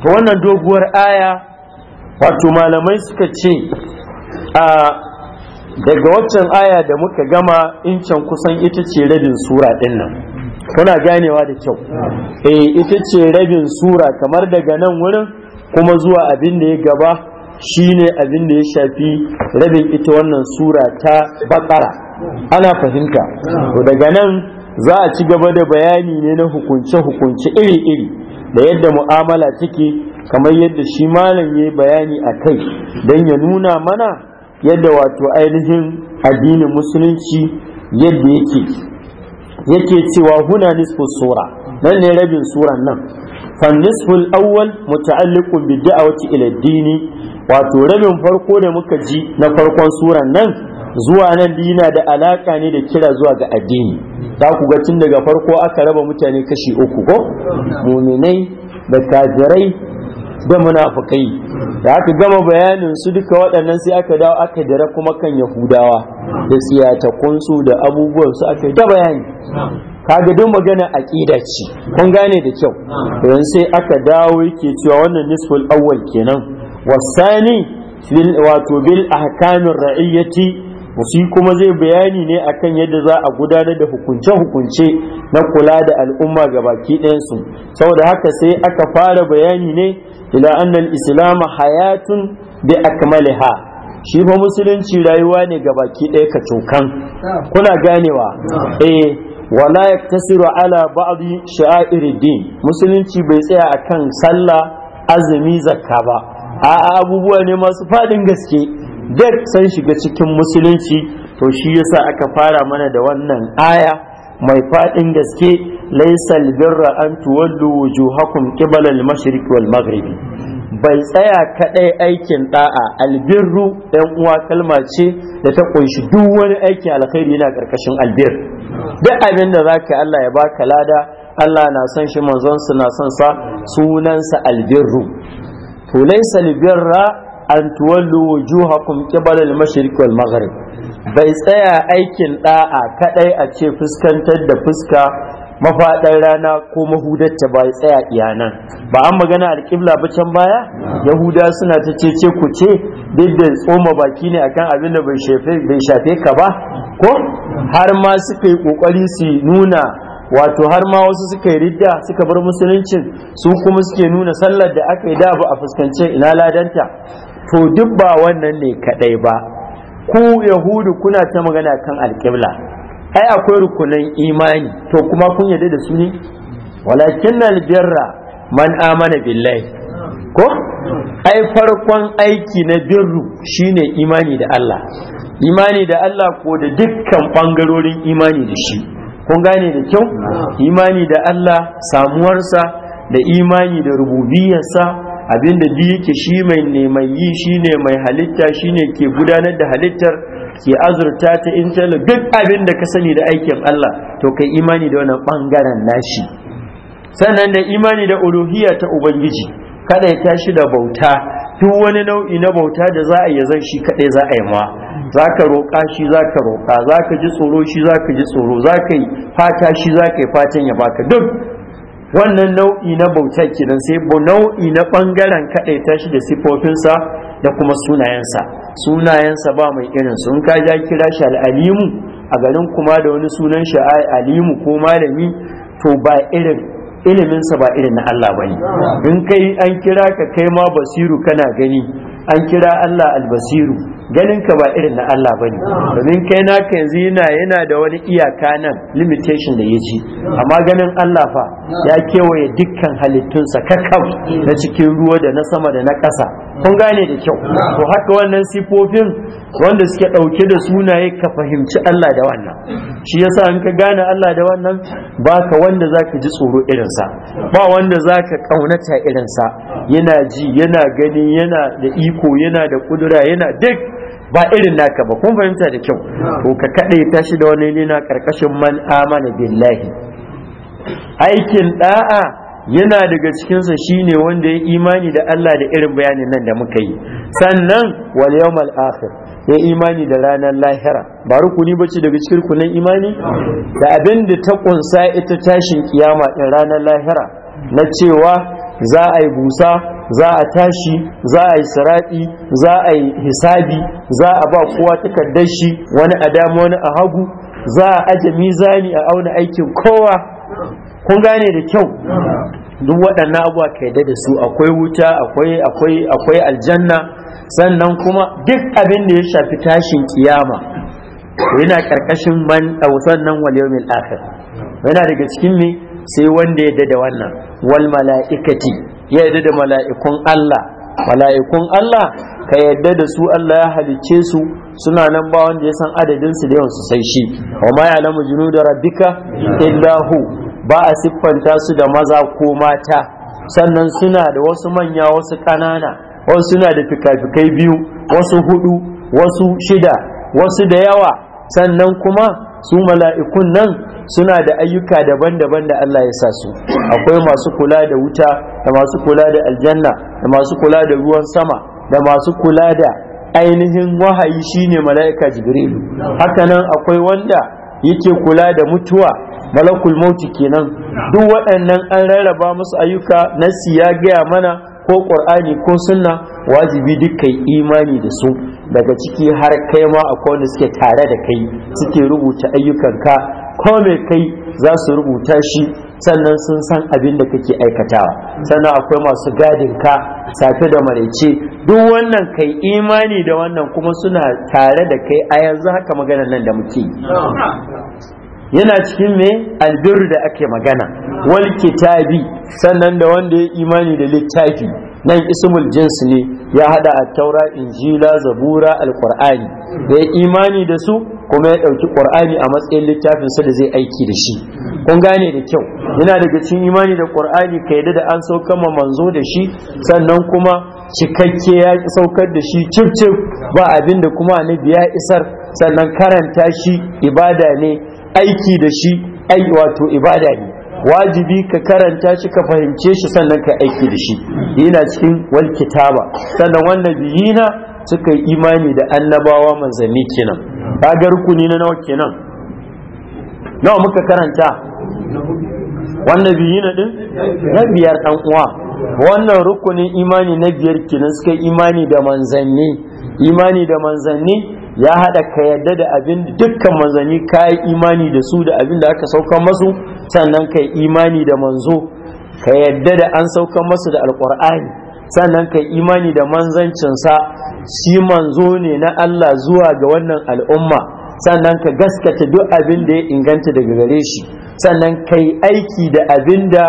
to wannan doguwar aya wato malamai suka ce a daga waccan aya da muka gama incan kusan ita ce rabin sura din nan kuna ganewa da kyau eh ita ce rabin sura kamar daga nan wurin kuma zuwa abin da ya gaba shine abin da ya shafi rabin ita wannan sura ta bakara ana fahimta to daga nan za a ci gaba da bayani ne na hukunce-hukunce iri-iri da yadda mu'amala take kamar yadda shi malam ya bayani a kai don ya nuna mana yadda wato ainihin addinin musulunci yadda yake yake cewa huna nisfu sura nan ne rabin suran nan fan nisful awwal muta'alliqun bi da'awati ila dini wato rabin farko da muka ji na farkon suran nan zuwa nan yana da alaka ne da kira zuwa ga addini za ku ga tun daga farko aka raba mutane kashi uku ko muminai da kafirai da munafukai da aka gama bayanin su duka waɗannan sai aka dawo aka dare kuma kan yahudawa da siyatakunsu da abubuwan su aka yi ta bayani kaga duk magana aqida ce kun gane da kyau don sai aka dawo yake cewa wannan nisful awwal kenan wasani wato bil ahkamir ra'iyyati shi kuma zai bayani ne akan yadda za a gudanar da hukunce-hukunce na kula da al'umma ga baki ɗayansu saboda haka sai aka fara bayani ne ila annal islam hayatun bi akmaliha shi fa musulunci rayuwa ne ga baki ɗaya ka cokan kuna ganewa eh wala yaktasiru ala ba'di sha'air din musulunci bai tsaya akan sallah azumi zakka ba a'a abubuwa ne masu faɗin gaske duk san shiga cikin musulunci to shi yasa aka fara mana da wannan aya mai faɗin gaske laisal birra an tuwallu wujuhakum qibala al-mashriq wal maghrib bai tsaya kadai aikin da'a albirru ɗan uwa kalma ce da ta kunshi duk wani aikin alkhairi yana karkashin albir duk abin da zaka Allah ya baka lada Allah na son shi manzon su na son sa sunansa albirru to laisal birra an tuwallu wujuhakum qibala mashriq wal maghrib bai tsaya aikin da'a kadai a ce fuskantar da fuska mafaɗar rana ko mahudarta ba tsaya iyanan ba an magana alƙibla ba can baya yahuda suna ta ce ku ce duk da tsoma baki ne akan abin da bai shafe ka ba ko har ma suka yi kokari su nuna wato har ma wasu suka yi ridda suka bar musuluncin su kuma suke nuna sallar da aka yi da ba a fuskance ina ladanta to duk ba wannan ne kadai ba ku yahudu kuna ta magana kan alƙibla ai akwai rukunan imani to kuma kun yadda da su ne walakin albirra man amana billahi ko ai farkon aiki na birru shine imani da Allah imani da Allah ko da dukkan bangarorin imani da shi kun gane da kyau imani da Allah samuwarsa da imani da rububiyarsa abinda duk yake shi mai neman yi yi shine mai halitta shine ke gudanar da halittar ke azurta ta intanet, duk abin da ka sani da aikin Allah to kai imani da wannan bangaren nashi sannan da imani da uluhiyya ta ubangiji kada ya tashi da bauta duk wani nau'i na bauta da za a yi zan shi kadai za a yi ma za ka roƙa shi za ka roƙa za ka ji tsoro shi za ka ji tsoro za ka yi fata shi za ka yi fatan ya baka duk wannan nau'i na bauta kenan sai nau'i na bangaren kadaita shi da sifofinsa da kuma sunayensa sunayensa ba mai irin sun ka ja kira shi al'alimu a garin kuma da wani sunan shi alimu ko malami to ba irin iliminsa ba irin na Allah bane in kai an kira ka kai ma basiru kana gani an kira Allah albasiru ganin ka ba irin na Allah bane domin kai naka yanzu yana yana da wani iyaka nan limitation da yaji. amma ganin Allah fa ya kewaye dukkan halittunsa kakaf na cikin ruwa da na sama da na ƙasa kun gane da kyau to haka wannan sifofin wanda suke ɗauke da sunaye ka fahimci Allah da wannan shi yasa in ka gane Allah da wannan baka wanda zaka ji tsoro irinsa ba wanda zaka ƙaunata irinsa yana ji yana gani yana da iko iko yana da kudura yana duk ba irin naka ba kun fahimta da kyau to ka kaɗai ta shi da wani lina karkashin man amana billahi aikin ɗa'a yana daga cikinsa shine wanda ya imani da Allah da irin bayanin nan da muka yi sannan wal yawmal akhir ya imani da ranar lahira ba rukuni bace daga cikin rukunin imani da abin da ta kunsa ita tashin kiyama din ranar lahira na cewa za a yi busa za a tashi za a yi sarati, za a yi hisabi za a ba kowa takardar shi wani a dama wani a hagu za a aje mizani a auna aikin kowa kun gane da kyau duk waɗannan abuwa ka yadda da su akwai wuta akwai akwai aljanna sannan kuma duk abin da ya shafi tashin kiyama yana karkashin man sannan wal yawmil akhir yana daga cikin ne sai wanda ya da wannan wal mala'ikati ya yadda da mala'ikun Allah mala'ikun Allah ka yadda da su Allah ya halicce su suna nan ba wanda ya san adadin su da yawansu sai shi wa ma ya'lamu da rabbika illa hu ba a siffanta su da maza ko mata sannan suna da wasu manya wasu ƙanana, wasu suna da fikafikai biyu wasu hudu wasu shida wasu da yawa sannan kuma su mala'ikun nan suna da ayyuka daban-daban da Allah ya sa su akwai masu kula da wuta da masu kula da aljanna da masu kula da ruwan sama da masu kula da ainihin wahayi shine mala'ika jibrilu nan akwai wanda yake kula da mutuwa malakul mauti kenan duk waɗannan an rarraba musu ayyuka na siya gaya mana ko ƙur'ani ko sunna wajibi dukkan imani da su daga ciki har kai ma akwai wanda suke tare da kai suke rubuta ayyukanka ko mai kai za su rubuta shi sannan sun san abin da kake aikatawa sannan akwai masu gadin ka safe da maraice duk wannan kai imani da wannan kuma suna tare da kai a yanzu haka magana nan da muke yana cikin me albiru da ake magana wal kitabi sannan da wanda ya imani da littafi nan ismul jins ne ya hada attaura injila zabura alqur'ani da ya imani da su kuma ya ɗauki qur'ani a matsayin littafin sa da zai aiki da shi kun gane da kyau yana daga cikin imani da qur'ani ka yadda da an saukar ma manzo da shi sannan kuma cikakke ya saukar da shi cip-cip? ba abin da kuma annabi ya isar sannan karanta shi ibada ne aiki da shi ai wato ibada ne wajibi ka karanta shi ka fahimce shi sannan ka aiki da shi yana cikin wal kitaba sannan wannan biyina suka yi imani da annabawa manzanni kenan kaga rukuni na nawa kenan nawa muka karanta wannan biyina din na biyar dan uwa wannan rukunin imani na biyar kenan suka yi imani da manzanni imani da manzanni ya haɗa ka yadda da abin dukkan manzanni ka yi imani da su da abin da aka saukan masu sannan ka yi imani da manzo ka yadda da an saukan masu da alƙur'ani sannan ka yi imani da manzancinsa shi manzo ne na Allah zuwa ga wannan al'umma sannan ka gaskata duk abin da ya inganta daga gare shi sannan ka yi aiki da abin da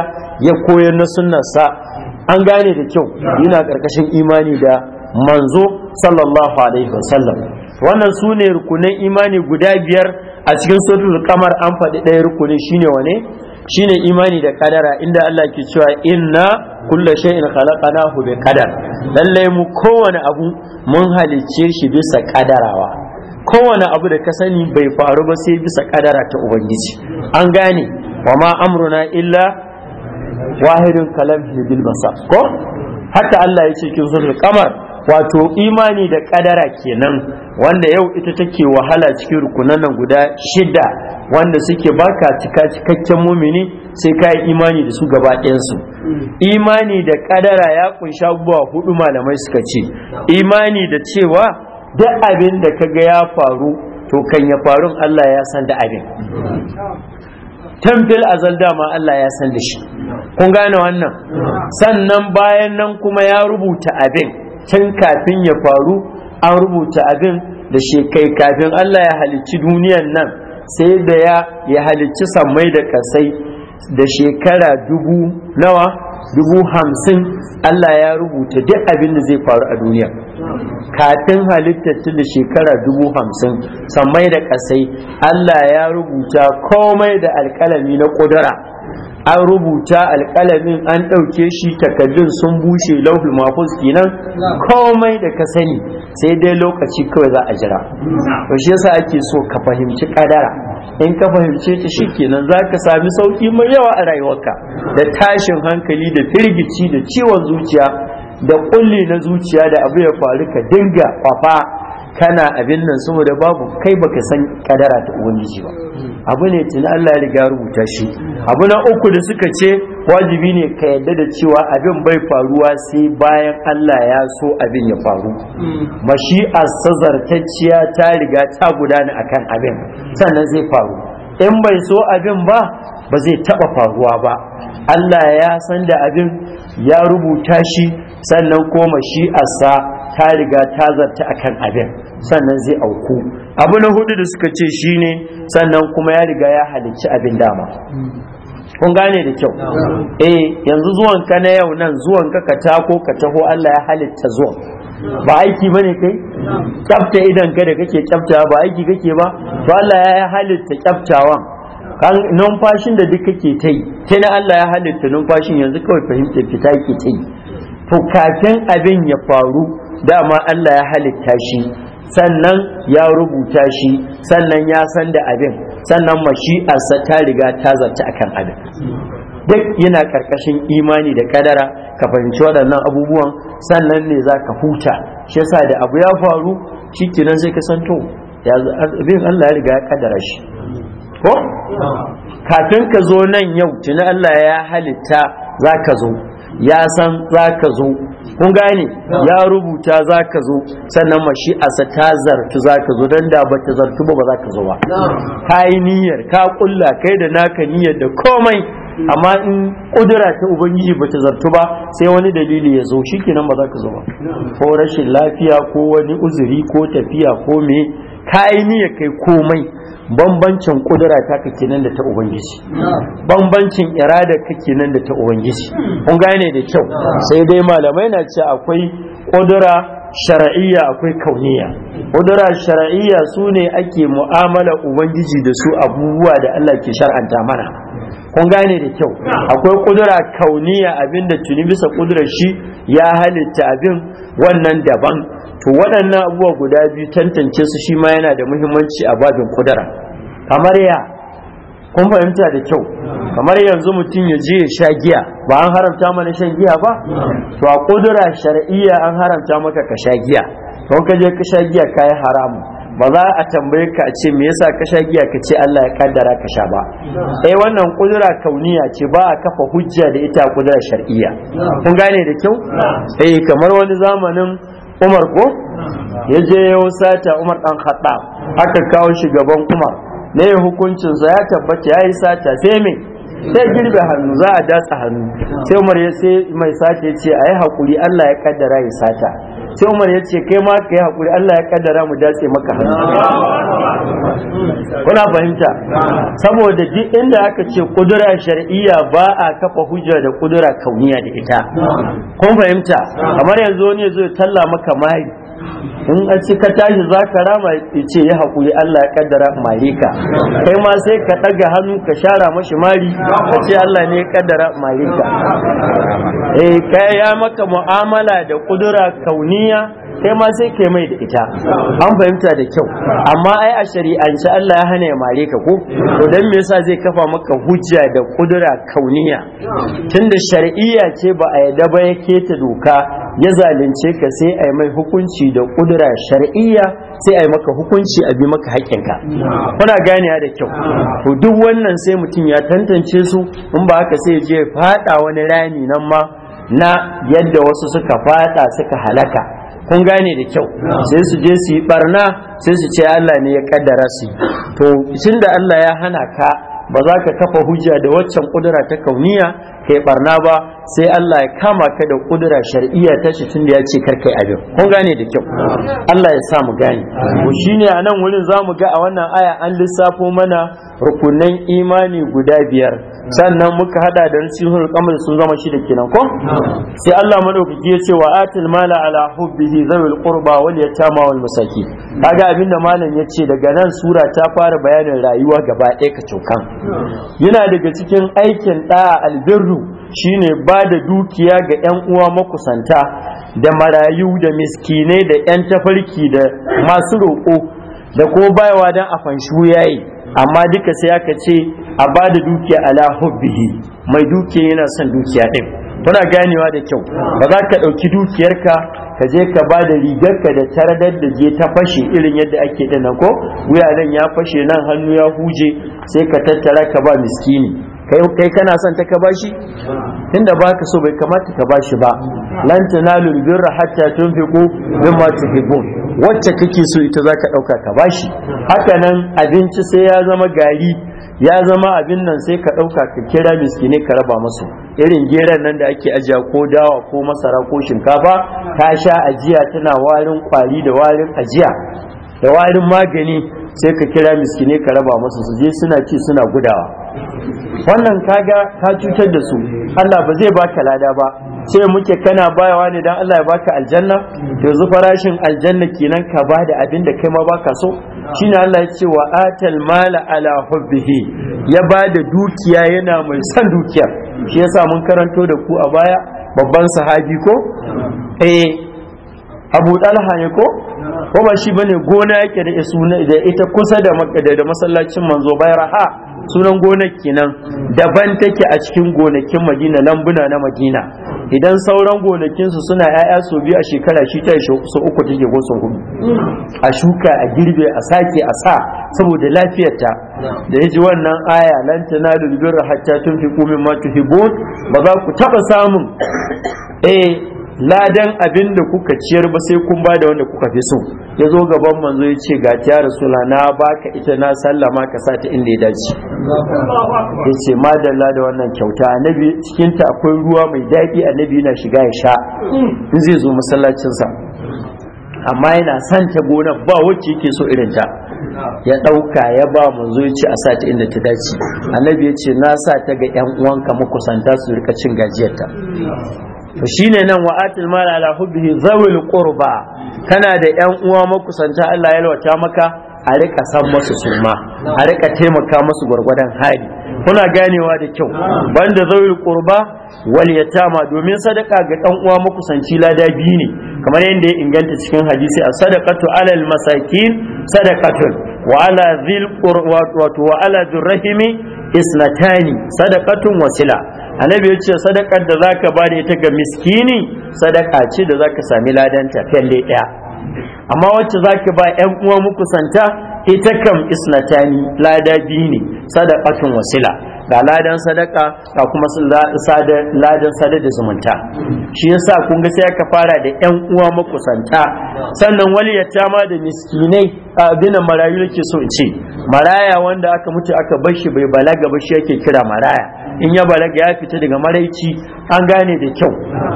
ya koyar na sunnarsa an gane da kyau yana ƙarƙashin imani da manzo sallallahu alaihi wasallam wannan su ne rukunin imani guda biyar a cikin da kamar an faɗi ɗaya rukunin shine wane shine imani da kadara inda Allah ke cewa inna kulla shay'in khalaqnahu bi qadar Lallai mu kowane abu mun halicce shi bisa kadarawa kowane abu da ka sani bai faru ba sai bisa kadara ta ubangiji an gane wa ma amruna illa wahidun kalam bil basar ko hatta Allah ya ce kin suratul kamar wato imani da kadara kenan wanda yau ita take wahala cikin rukunan nan guda shida wanda suke baka cika cikakken mumini sai ka yi imani da su gaba ɗayansu imani da kadara ya kunshi abubuwa hudu malamai suka ce imani da cewa duk abin da kaga ya faru to kan ya faru Allah ya san da abin tamfil azal dama Allah ya san da shi kun gane wannan sannan bayan nan kuma ya rubuta abin can kafin ya faru an rubuta abin da shekai kafin Allah ya halicci duniyan nan sai da ya ya halicci sammai da kasai da shekara dubu nawa dubu hamsin Allah ya rubuta duk abin da zai faru a duniya kafin halitta tun da shekara dubu hamsin sammai da kasai Allah ya rubuta komai da alkalami na ƙudura an rubuta alƙalamin an ɗauke shi takardun sun bushe lauhul mahfuz kenan komai da ka sani sai dai lokaci kawai za a jira to shi yasa ake so ka fahimci kadara in ka fahimce ta shikenan za ka sami sauki mai yawa a rayuwarka da tashin hankali da firgici da ciwon zuciya da kulli na zuciya da abu ya faru ka dinga kwafa kana abin nan saboda babu kai baka san kadara ta ubangiji ba abu ne tuni Allah ya riga rubuta shi abu na uku da suka ce wajibi ne ka yadda da cewa abin bai faruwa sai bayan Allah ya so abin ya faru mashi'ar sazartacciya ta riga ta gudana akan abin sannan zai faru in bai so abin ba ba zai taba faruwa ba Allah ya san da abin ya rubuta shi sannan kuma mashi'arsa ta riga ta zarta akan abin sannan zai auku abu na hudu da suka ce shine sannan kuma ya riga ya halicci abin dama kun gane da kyau eh yanzu zuwan ka na yau nan zuwan ka ka tako ka taho Allah ya halitta zuwan ba aiki bane kai Tsafta idan ka da kake tsafta ba aiki kake ba to Allah ya halitta kan numfashin da duk kake ta yi sai na Allah ya halitta numfashin yanzu kawai fahimta fita ke ta yi to kafin abin ya faru dama Allah ya halitta shi sannan ya rubuta shi sannan ya san da abin sannan mashi'arsa ta riga ta zarta akan abin duk yana karkashin imani da kadara ka fahimci waɗannan abubuwan sannan ne za ka huta shi yasa da abu ya faru shikenan sai ka san to abin Allah ya riga ya kadara shi ko kafin ka zo nan yau tuni Allah ya halitta za ka zo ya san za ka zo kun gane ya rubuta za ka zo sannan asa ta zartu za ka zo don da ba ta zartu ba ba za ka zo ba ka yi niyyar ka kulla kai da naka niyyar da komai amma in kudura ta ubangiji ba ta zartu ba sai wani dalili ya zo shi kenan ba za ka zo ba ko rashin lafiya ko wani uzuri ko tafiya ko me ka ya kai komai bambancin kudura ta ka kenan da ta ubangiji bambancin irada ka kenan da ta ubangiji kun gane da kyau sai dai malamai na ce akwai kudura shar'iyya akwai kauniya Kudura shar'iyya sune ake mu'amala ubangiji da su abubuwa da Allah ke shar'anta mana kun gane da kyau akwai kudura kauniya abinda tuni bisa kudurar shi ya halitta abin wannan daban to waɗannan abubuwa guda biyu tantance su shi ma yana da muhimmanci a babin kudura kamar ya kun fahimta da kyau kamar yanzu mutum ya je ya sha giya ba an haramta mana shan giya ba to a kudura shar'iyya an haramta maka ka sha giya don ka je ka sha giya kayi haramu ba za a tambaye ka a ce me yasa ka sha giya ka ce Allah ya kaddara ka sha ba eh wannan kudura kauniya ce ba a kafa hujja da ita kudura shar'iyya kun gane da kyau eh kamar wani zamanin Umar ko ya je ya sata Umar dan haɗa, aka kawo shi gaban Umar ne hukuncinsa ya tabbata yayi sata sai me sai girbe hannu za a datsa hannu sai Umar ya sai mai sace ce ayi hakuri Allah ya kaddara ya sata sai umar ya ce kai ma ka yi haƙuri allah ya kaddara mu dace maka kuna fahimta saboda duk inda aka ce kudura shar'iyya ba a kafa hujja da kudura kauniya da ita kun fahimta kamar yanzu wani ya zo ya talla maka mari in a ci ka tashi za ka rama ya ce ya haƙuri Allah ya ƙaddara mare kai ma sai ka ɗaga hannu ka shara mashi mari ka ce Allah ne ya ƙaddara mare ka eh kai ya maka mu'amala da ƙudura kauniya kai ma sai kai mai da ita an fahimta da kyau amma ai a shari'ance Allah ya hana ya mare ka ko to dan me yasa zai kafa maka hujja da kudura kauniya tunda shar'iyya ce ba a yadda ba ya ta doka ya zalunce ka sai ai mai hukunci da kudura shar'iyya sai ai maka hukunci a bi maka haƙƙinka kuna gane da kyau to duk wannan sai mutum ya tantance su in ba haka sai je faɗa wani rami nan ma na yadda wasu suka fada suka halaka kun gane da kyau sai su je su yi barna sai su ce Allah ne ya kaddara su to tun da Allah ya hana ka ba za ka kafa hujja da waccan kudura ta kauniya kai barna ba sai Allah ya kama ka da kudura shar'iyya ta shi tun da ya ce kar kai abin kun gane da kyau Allah ya sa mu gane to shine a nan wurin za mu ga a wannan aya an lissafo mana rukunan imani guda biyar sannan muka hada da sihul kamar sun zama shida kenan ko sai Allah madaukaki ya ce wa atil mala ala hubbihi zawil qurba wal yatama wal masaki kaga abinda malam ya ce daga nan sura ta fara bayanin rayuwa gaba ɗaya ka cokan yana daga cikin aikin da albirru shine ba da dukiya ga yan uwa makusanta da marayu da miskinai da yan tafarki da masu roƙo da ko bayawa dan a fanshu yayi amma duka sai aka ce a ba da dukiya ala hubbihi mai dukiya yana son dukiya din kuna ganewa da kyau ba za ka ɗauki dukiyarka ka je ka ba da rigarka da taradar da je ta fashe irin yadda ake dana ko wuya nan ya fashe nan hannu ya huje sai ka tattara ka ba miskini kai kana son ta ka bashi Inda baka so bai kamata ka bashi ba lan tanalul birra hatta tunfiqu mimma tuhibbun wacce kake so ita zaka dauka ka bashi haka nan abinci sai ya zama gari ya zama abin nan sai ka dauka ka kira miskine ka raba musu irin geran nan da ake ajiya ko dawa ko masara ko shinkafa ta sha ajiya tana warin kwari da warin ajiya da warin magani sai ka kira miskine ka raba masu su je suna ci suna gudawa wannan kaga ka cutar da su Allah ba zai baka lada ba ce muke kana bayawa ne dan Allah ya baka aljanna yanzu farashin aljanna kenan ka ba da abin da kai ma baka so shine Allah ya ce wa atal mala ala hubbihi ya ba da dukiya yana mai son dukiya shi yasa mun karanto da ku a baya babban sahabi ko eh abu talha ne ko ko ba shi bane gona yake da suna da ita kusa da da masallacin manzo bayraha sunan gonar kenan daban take a cikin gonakin madina lambuna na madina idan sauran gonakin su suna yaya su biyu a shekara shi ta so uku take go sun hudu a shuka a girbe a sake a sa saboda lafiyarta da yaji wannan aya lan tanalu birra hatta tunfiqu mimma tuhibun ba za ku taba samun eh ladan abin da kuka ciyar ba sai kun ba da wanda kuka fi so ya zo gaban manzo ya ce ga ta rasula na baka ita na sallama ka sa ta inda ya dace ya ce madalla da wannan kyauta annabi cikinta akwai ruwa mai daɗi annabi yana shiga ya sha in zai zo masallacinsa amma yana san ta gona ba wacce yake so irin ta ya ɗauka ya ba manzo ya a sa inda ta dace annabi ya ce na sa ta ga 'yan uwanka makusanta su rika cin gajiyarta to shine nan wa atil mala ala hubbihi zawil qurba kana da yan uwa makusanta Allah ya lwata maka a rika san masu suma a rika taimaka masu gwargwadon hali kuna ganewa da kyau banda zawil qurba wal yatama domin sadaka ga dan uwa makusanci lada biyu ne kamar yadda ya inganta cikin hadisi a sadaqatu alal masakin sadaqatu wa ala dhil qurwa wa ala dhirrahimi isnatani sadaqatun wasila annabi ya ce sadakar da zaka bada ita ga miskini sadaka ce da zaka sami ladanta fyalle ɗaya amma wacce zaka ba yan uwa muku ita kam isnatani lada biyu ne sadaqatun wasila ga ladan sadaka ga kuma ladan sadar da zumunta shi yasa kun ga sai aka fara da yan uwa makusanta sannan waliyata ma da miskinai abinan marayu yake so in ce maraya wanda aka mutu aka bar shi bai balaga ba shi yake kira maraya in ya balaga ya fita daga maraici an gane da kyau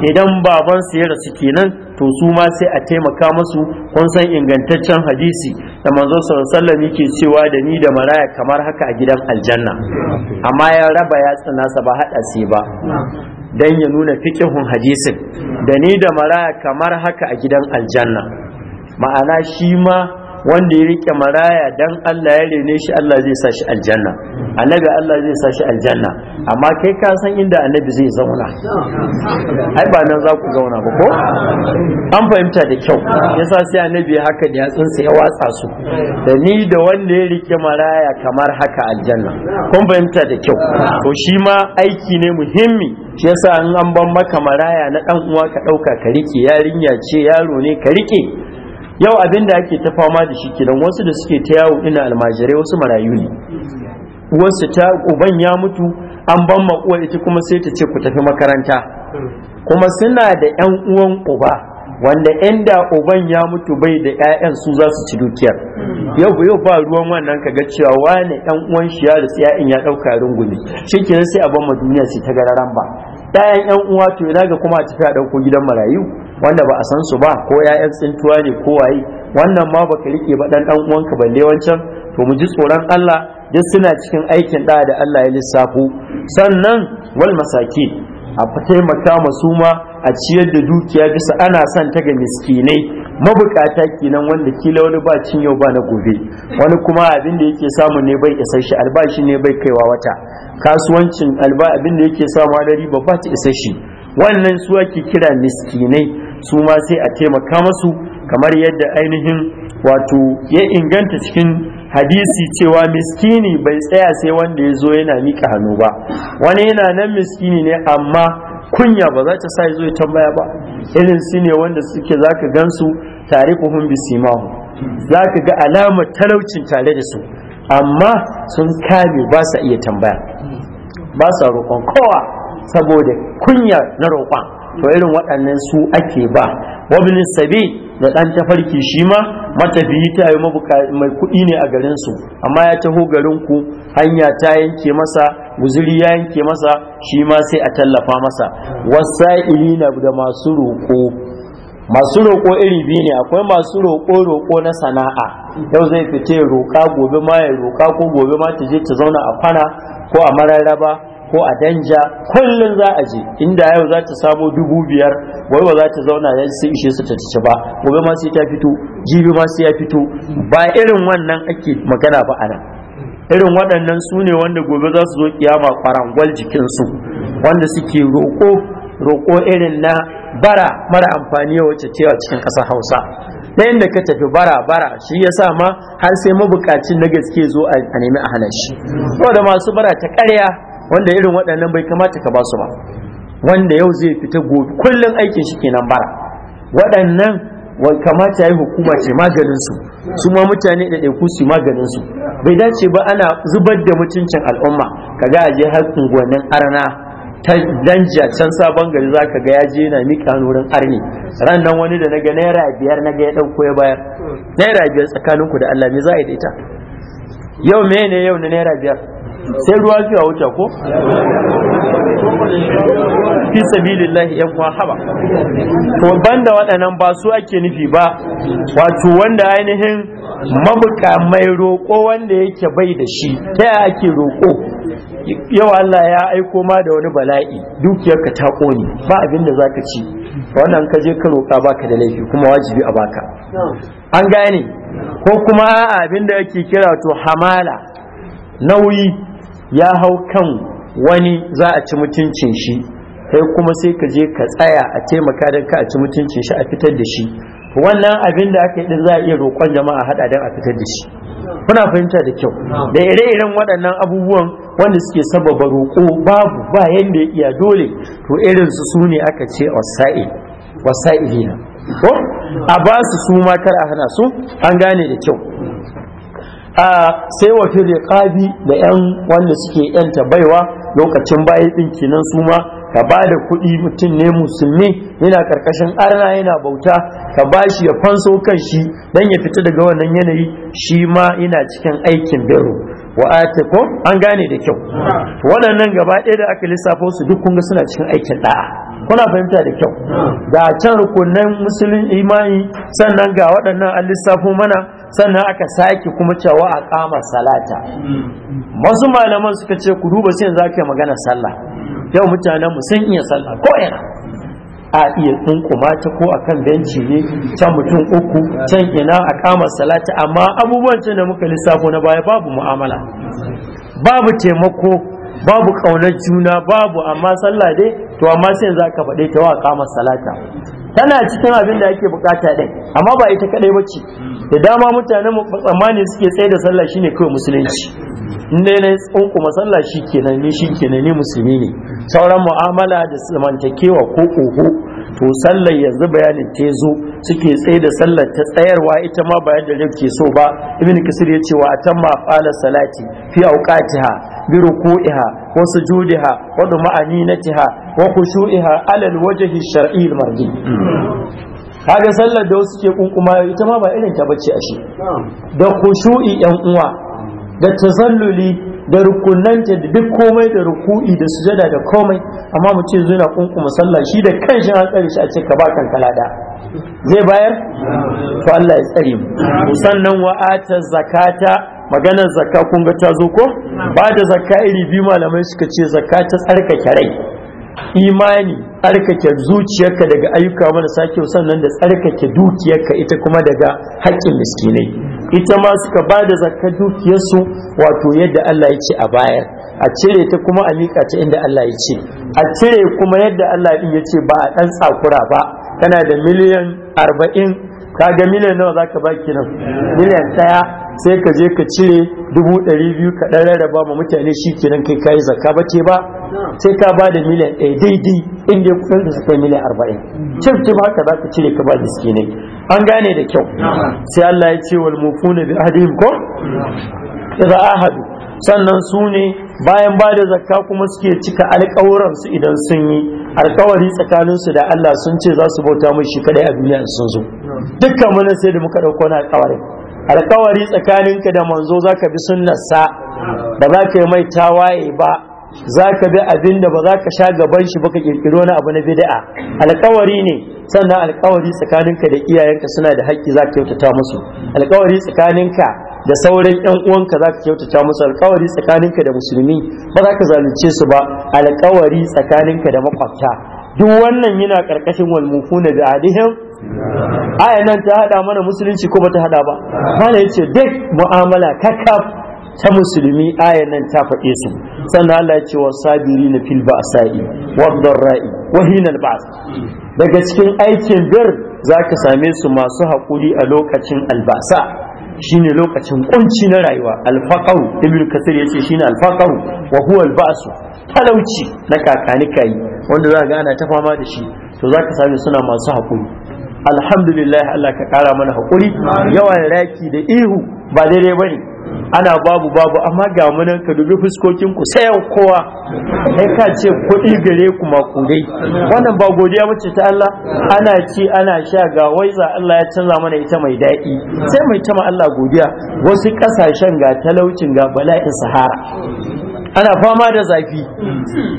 idan baban su ya rasu kenan to su ma sai a taimaka masu kun san ingantaccen hadisi da manzo sallallahu yake cewa da ni da maraya kamar haka a gidan aljanna amma ya raba ya tsana sa ba hada sai ba dan ya nuna fiqhun hadisin da ni da maraya kamar haka a gidan aljanna ma'ana shi ma wanda ya rike maraya dan Allah ya rene shi Allah zai sa shi aljanna annabi Allah zai sa shi aljanna amma kai ka san inda annabi zai zauna ai ba nan za ku zauna ba ko an fahimta da kyau yasa sai annabi haka da yatsunsa ya watsa su da ni da wanda ya rike maraya kamar haka aljanna kun fahimta da kyau to shi ma aiki ne muhimmi shi yasa an an ban maka maraya na dan uwa ka dauka ka rike yarinya ce yaro ne ka rike yau abin da ake ta fama da shi kidan wasu da suke ta yawo ina almajirai wasu marayu ne wasu ta uban ya mutu an ban makuwa ita kuma sai ta ce ku tafi makaranta kuma suna da yan uwan uba wanda inda uban ya mutu bai da ƴaƴan su za su ci dukiyar yau yau ba ruwan wannan ka ga cewa wani yan uwan shi ya rasu ƴaƴan ya ɗauka rungume shikenan sai a ban ma duniya sai ta gararan ba ɗayan yan uwa to ina ga kuma a tafi a ɗauko gidan marayu wanda ba a san su ba ko ya'yan tsintuwa ne ko waye wannan ma baka rike ba dan dan uwanka balle wancan to mu ji tsoron Allah duk suna cikin aikin da da Allah ya lissafo sannan wal masaki a taimaka masu ma a ciyar da dukiya bisa ana son ta ga miskinai mabukata kenan wanda kila wani ba cin yau ba na gobe wani kuma abin da yake samu ne bai shi, albashi ne bai kaiwa wata kasuwancin alba abin da yake samu na riba ba ta shi. wannan su ake kira miskinai su ma sai a taimaka masu kamar yadda ainihin wato ya inganta cikin hadisi cewa miskini bai tsaya sai wanda ya zo yana miƙa hannu ba wani yana nan miskini ne amma kunya ba za ta sa ya zo ya tambaya ba irin su ne wanda suke za ka gan su tare kuhun bisimahu za ka ga alamar talaucin tare da su amma sun kame ba sa iya tambaya ba sa roƙon kowa saboda kunya na roƙon to irin waɗannan su ake ba wabin sabi da ɗan tafarki shi ma matafiyi ta yi mai kuɗi ne a garinsu. amma ya taho garin ku hanya ta yanke masa guzuri ya yanke masa shi ma sai a tallafa masa wasa'ili na da masu roƙo masu roƙo iri biyu ne akwai masu roƙo roƙo na sana'a yau zai fita ya roƙa gobe ma ya roƙa ko gobe ma ta je ta zauna a fana ko a mararraba ko a danja kullum za a je inda yau za ta samo dubu biyar wai wa za ta zauna yan sai ishe su ta ci ba gobe ma sai ta fito jibi ma ya fito ba irin wannan ake magana ba anan irin waɗannan su ne wanda gobe za su zo kiyama kwarangwal jikinsu wanda suke roƙo roƙo irin na bara mara amfani wacce cewa cikin ƙasar hausa ɗayan da ka tafi bara bara shi ya sa ma har sai mabukacin na gaske zo a nemi a hana shi da masu bara ta ƙarya wanda irin waɗannan bai kamata ka ba su ba wanda yau zai fita gobe kullum aikin shi kenan bara waɗannan wa kamata yayi hukuma ce maganin su su ma mutane da ɗaiku su maganin su bai dace ba ana zubar da mutuncin al'umma kaga je har gwanin arna ta danja can sabon gari za ka ga ya je na mika wurin arni ran nan wani da na ga naira biyar na ga ya ɗauko ya bayar naira biyar tsakaninku da Allah me za a yi da ita yau me ne yau na naira biyar sai ruwa zuwa wuce ko fi sabilillahi yan uwa haba to banda waɗannan ba su ake nufi ba wato wanda ainihin mabuka mai roƙo wanda yake bai da shi ta yaya ake roƙo yau Allah ya aiko ma da wani bala'i dukiyarka ta ƙone ba abin da zaka ci wannan ka je ka roƙa baka da laifi kuma wajibi a baka an gane ko kuma abin da yake kira to hamala nauyi ya hau kan wani za a ci mutuncin shi kai kuma sai ka je ka tsaya a taimaka don ka a ci mutuncin shi a fitar da shi wannan abin da aka yi din za a iya roƙon jama'a haɗa don a fitar da shi kuna fahimta da kyau da ire-iren waɗannan abubuwan wanda suke sababa roƙo babu ba yadda ya iya dole to irin su su ne aka ce wasa'i na? ko a ba su su ma kar a hana su an gane da kyau a sai wa fi riqabi da yan wanda suke yanta baiwa lokacin bayi ɗin kenan su ma ka ba da kuɗi mutum ne musulmi yana ƙarƙashin arna yana bauta ka ba shi ya fanso kan shi dan ya fita daga wannan yanayi shi ma yana cikin aikin biro wa ko an gane da kyau waɗannan gaba ɗaya da aka lissafo su duk kun suna cikin aikin ɗaya. kuna fahimta da kyau ga can rukunan musulun imani sannan ga waɗannan an lissafo mana sannan aka sake kuma cewa a kama salata Masu malaman suka ce ku duba sai za ka magana sallah yau mutanen mu sun iya sallah ko ina a iya kuma ta ko akan benci ne can mutum uku can ina a kama salata amma abubuwan can da muka lissafo na baya babu mu'amala babu taimako babu ƙaunar juna babu amma sallah dai to amma sai za ka faɗe ta wa kama salata tana cikin abin da ake bukata din amma ba ita kadai ba ce. da dama mutane mu tsammani suke tsaye da sallah shine kawai musulunci ne ne tsunkuma sallah kenan ne shikenan ne musulmi ne sauran mu'amala da zamantakewa ko oho to sallar yanzu bayanin ta zo suke tsaye da sallar ta tsayarwa ita ma ba yadda ke so ba ibn kasir ya ce wa atamma fa'ala salati fi auqatiha bi ruku'iha wa sujudiha wa dumaninatiha wa khushu'iha ala alwajhi shar'i margi. kaga sallar da wasu ke kunkuma ita ma ba irin ta bace ashe da khushu'i yan uwa da tazalluli da rukunanta da duk komai da ruku'i da sujada da komai amma mu ce zo na kunkuma sallah shi da kanshi an tsare shi a ce ka ba kan kalada zai bayar to Allah ya tsare mu sannan wa'ata zakata maganar zakka kun ga ta zo ko ba da zakka iri biyu malamai suka ce zakka ta tsarkake rai imani tsarkake zuciyarka daga ayyuka mana sake sannan da tsarkake dukiyarka ita kuma daga haƙƙin miskinai ita ma suka ba da zakka dukiyarsu wato yadda Allah ya ce a bayar a cire ta kuma a miƙa ta inda Allah ya ce a cire kuma yadda Allah din ya ce ba a ɗan tsakura ba kana da miliyan arba'in ka ga miliyan nawa za ka ba miliyan ɗaya sai ka je ka cire dubu ɗari biyu ka ɗan rarraba ma mutane shi kenan kai kayi zakka ba ce ba sai ka ba da miliyan ɗaya daidai inda ya kudin da suka miliyan arba'in cikin ba haka za ka cire ka ba da ne an gane da kyau sai Allah ya ce wal mufuna bi ahdihim ko idza ahadu sannan su ne bayan ba da zakka kuma suke cika alƙawuran idan sun yi alƙawari tsakanin da Allah sun ce za su bauta mai shi kadai a duniya sun zo dukkan mana sai da muka dauko na alƙawarin alkawari tsakaninka da manzo zaka ka bi sunnarsa ba za ka yi mai tawaye ba za ka bi abin da ba za ka sha gaban shi ba ka kirkiro na abu na bid'a alkawari ne sannan alkawari tsakaninka da iyayenka suna da haƙƙi za ka kyautata musu alkawari tsakaninka da sauran yan uwanka za ka kyautata musu alkawari tsakaninka da musulmi ba za ka zalunce su ba alkawari tsakaninka da makwabta duk wannan yana karkashin walmufuna bi aya nan ta hada mana musulunci ko bata hada ba mana yace duk mu'amala kakaf ta musulmi aya nan ta faɗe su sannan Allah ya ce wa sabiri na fil ba'sa'i wad ra'i wa hinal ba's daga cikin aikin bir zaka same su masu hakuri a lokacin albasa shine lokacin kunci na rayuwa alfaqaru ibnu kasir yace shine alfaqaru wa huwa al-ba's talauci na kakani kai wanda za ga ana ta fama da shi to zaka same suna masu haƙuri alhamdulillah Allah ka kara mana hakuri yawan raki da ihu ba daidai bane ana babu babu amma ga munan ka dubi fuskokin ku sai kowa sai ka ce kuɗi gare ku ma makudai wannan ba godiya mace ta Allah ana ci ana sha ga waiza Allah ya canza mana ita mai daɗi sai mai tama Allah godiya wasu ƙasashen ga talaucin ga bala'in sahara ana fama da zafi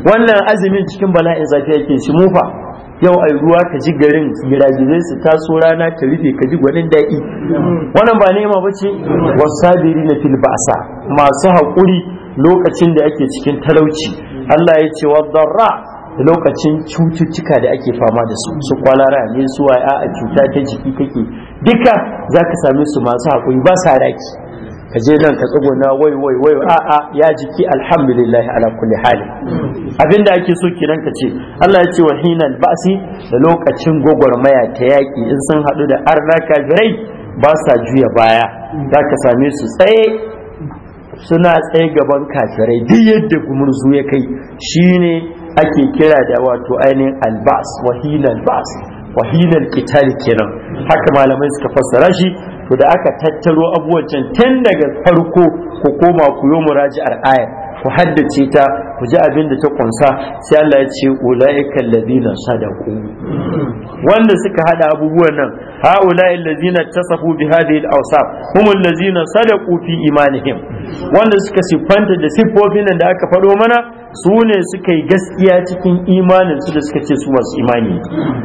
wannan azumin cikin bala'in zafi yake shi mufa yau ai ruwa ka ji garin giragizai su taso rana ta rufe ka ji gwanin daɗi wannan ba nema ba ce wasabiri na fil ba'sa masu haƙuri lokacin da ake cikin talauci Allah ya ce wadda lokacin cututtuka da ake fama da su su kwalara ne su a cuta ta jiki kake duka za ka same su masu haƙuri ba sa raki ka je nan ka na wai wai wai a'a ya jiki alhamdulillah ala kulli hali abinda ake so kiran ka ce Allah ya ce wa hinal ba'si da lokacin gwagwarmaya ta yaki in sun hadu da arna kafirai ba sa juya baya za ka same su tsaye suna tsaye gaban kafirai duk yadda gumurzu ya kai shine ake kira da wato ainihin albas wahilan bas wahilan kitali kenan haka malamai suka fassara shi to da aka tattaro abubuwan tun daga farko ku koma ku yi muraji'ar aya ku haddace ta ku ji abin da ta kunsa sai Allah ya ce ulaiikal ladina sadaqu wanda suka hada abubuwan nan ha ulaiikal ladina tasafu bi hadhihi al-awsaf humul ladina sadaqu fi imanihim wanda suka siffanta da sifofin da aka fado mana su ne suka yi gaskiya cikin imanin su da suka ce su masu imani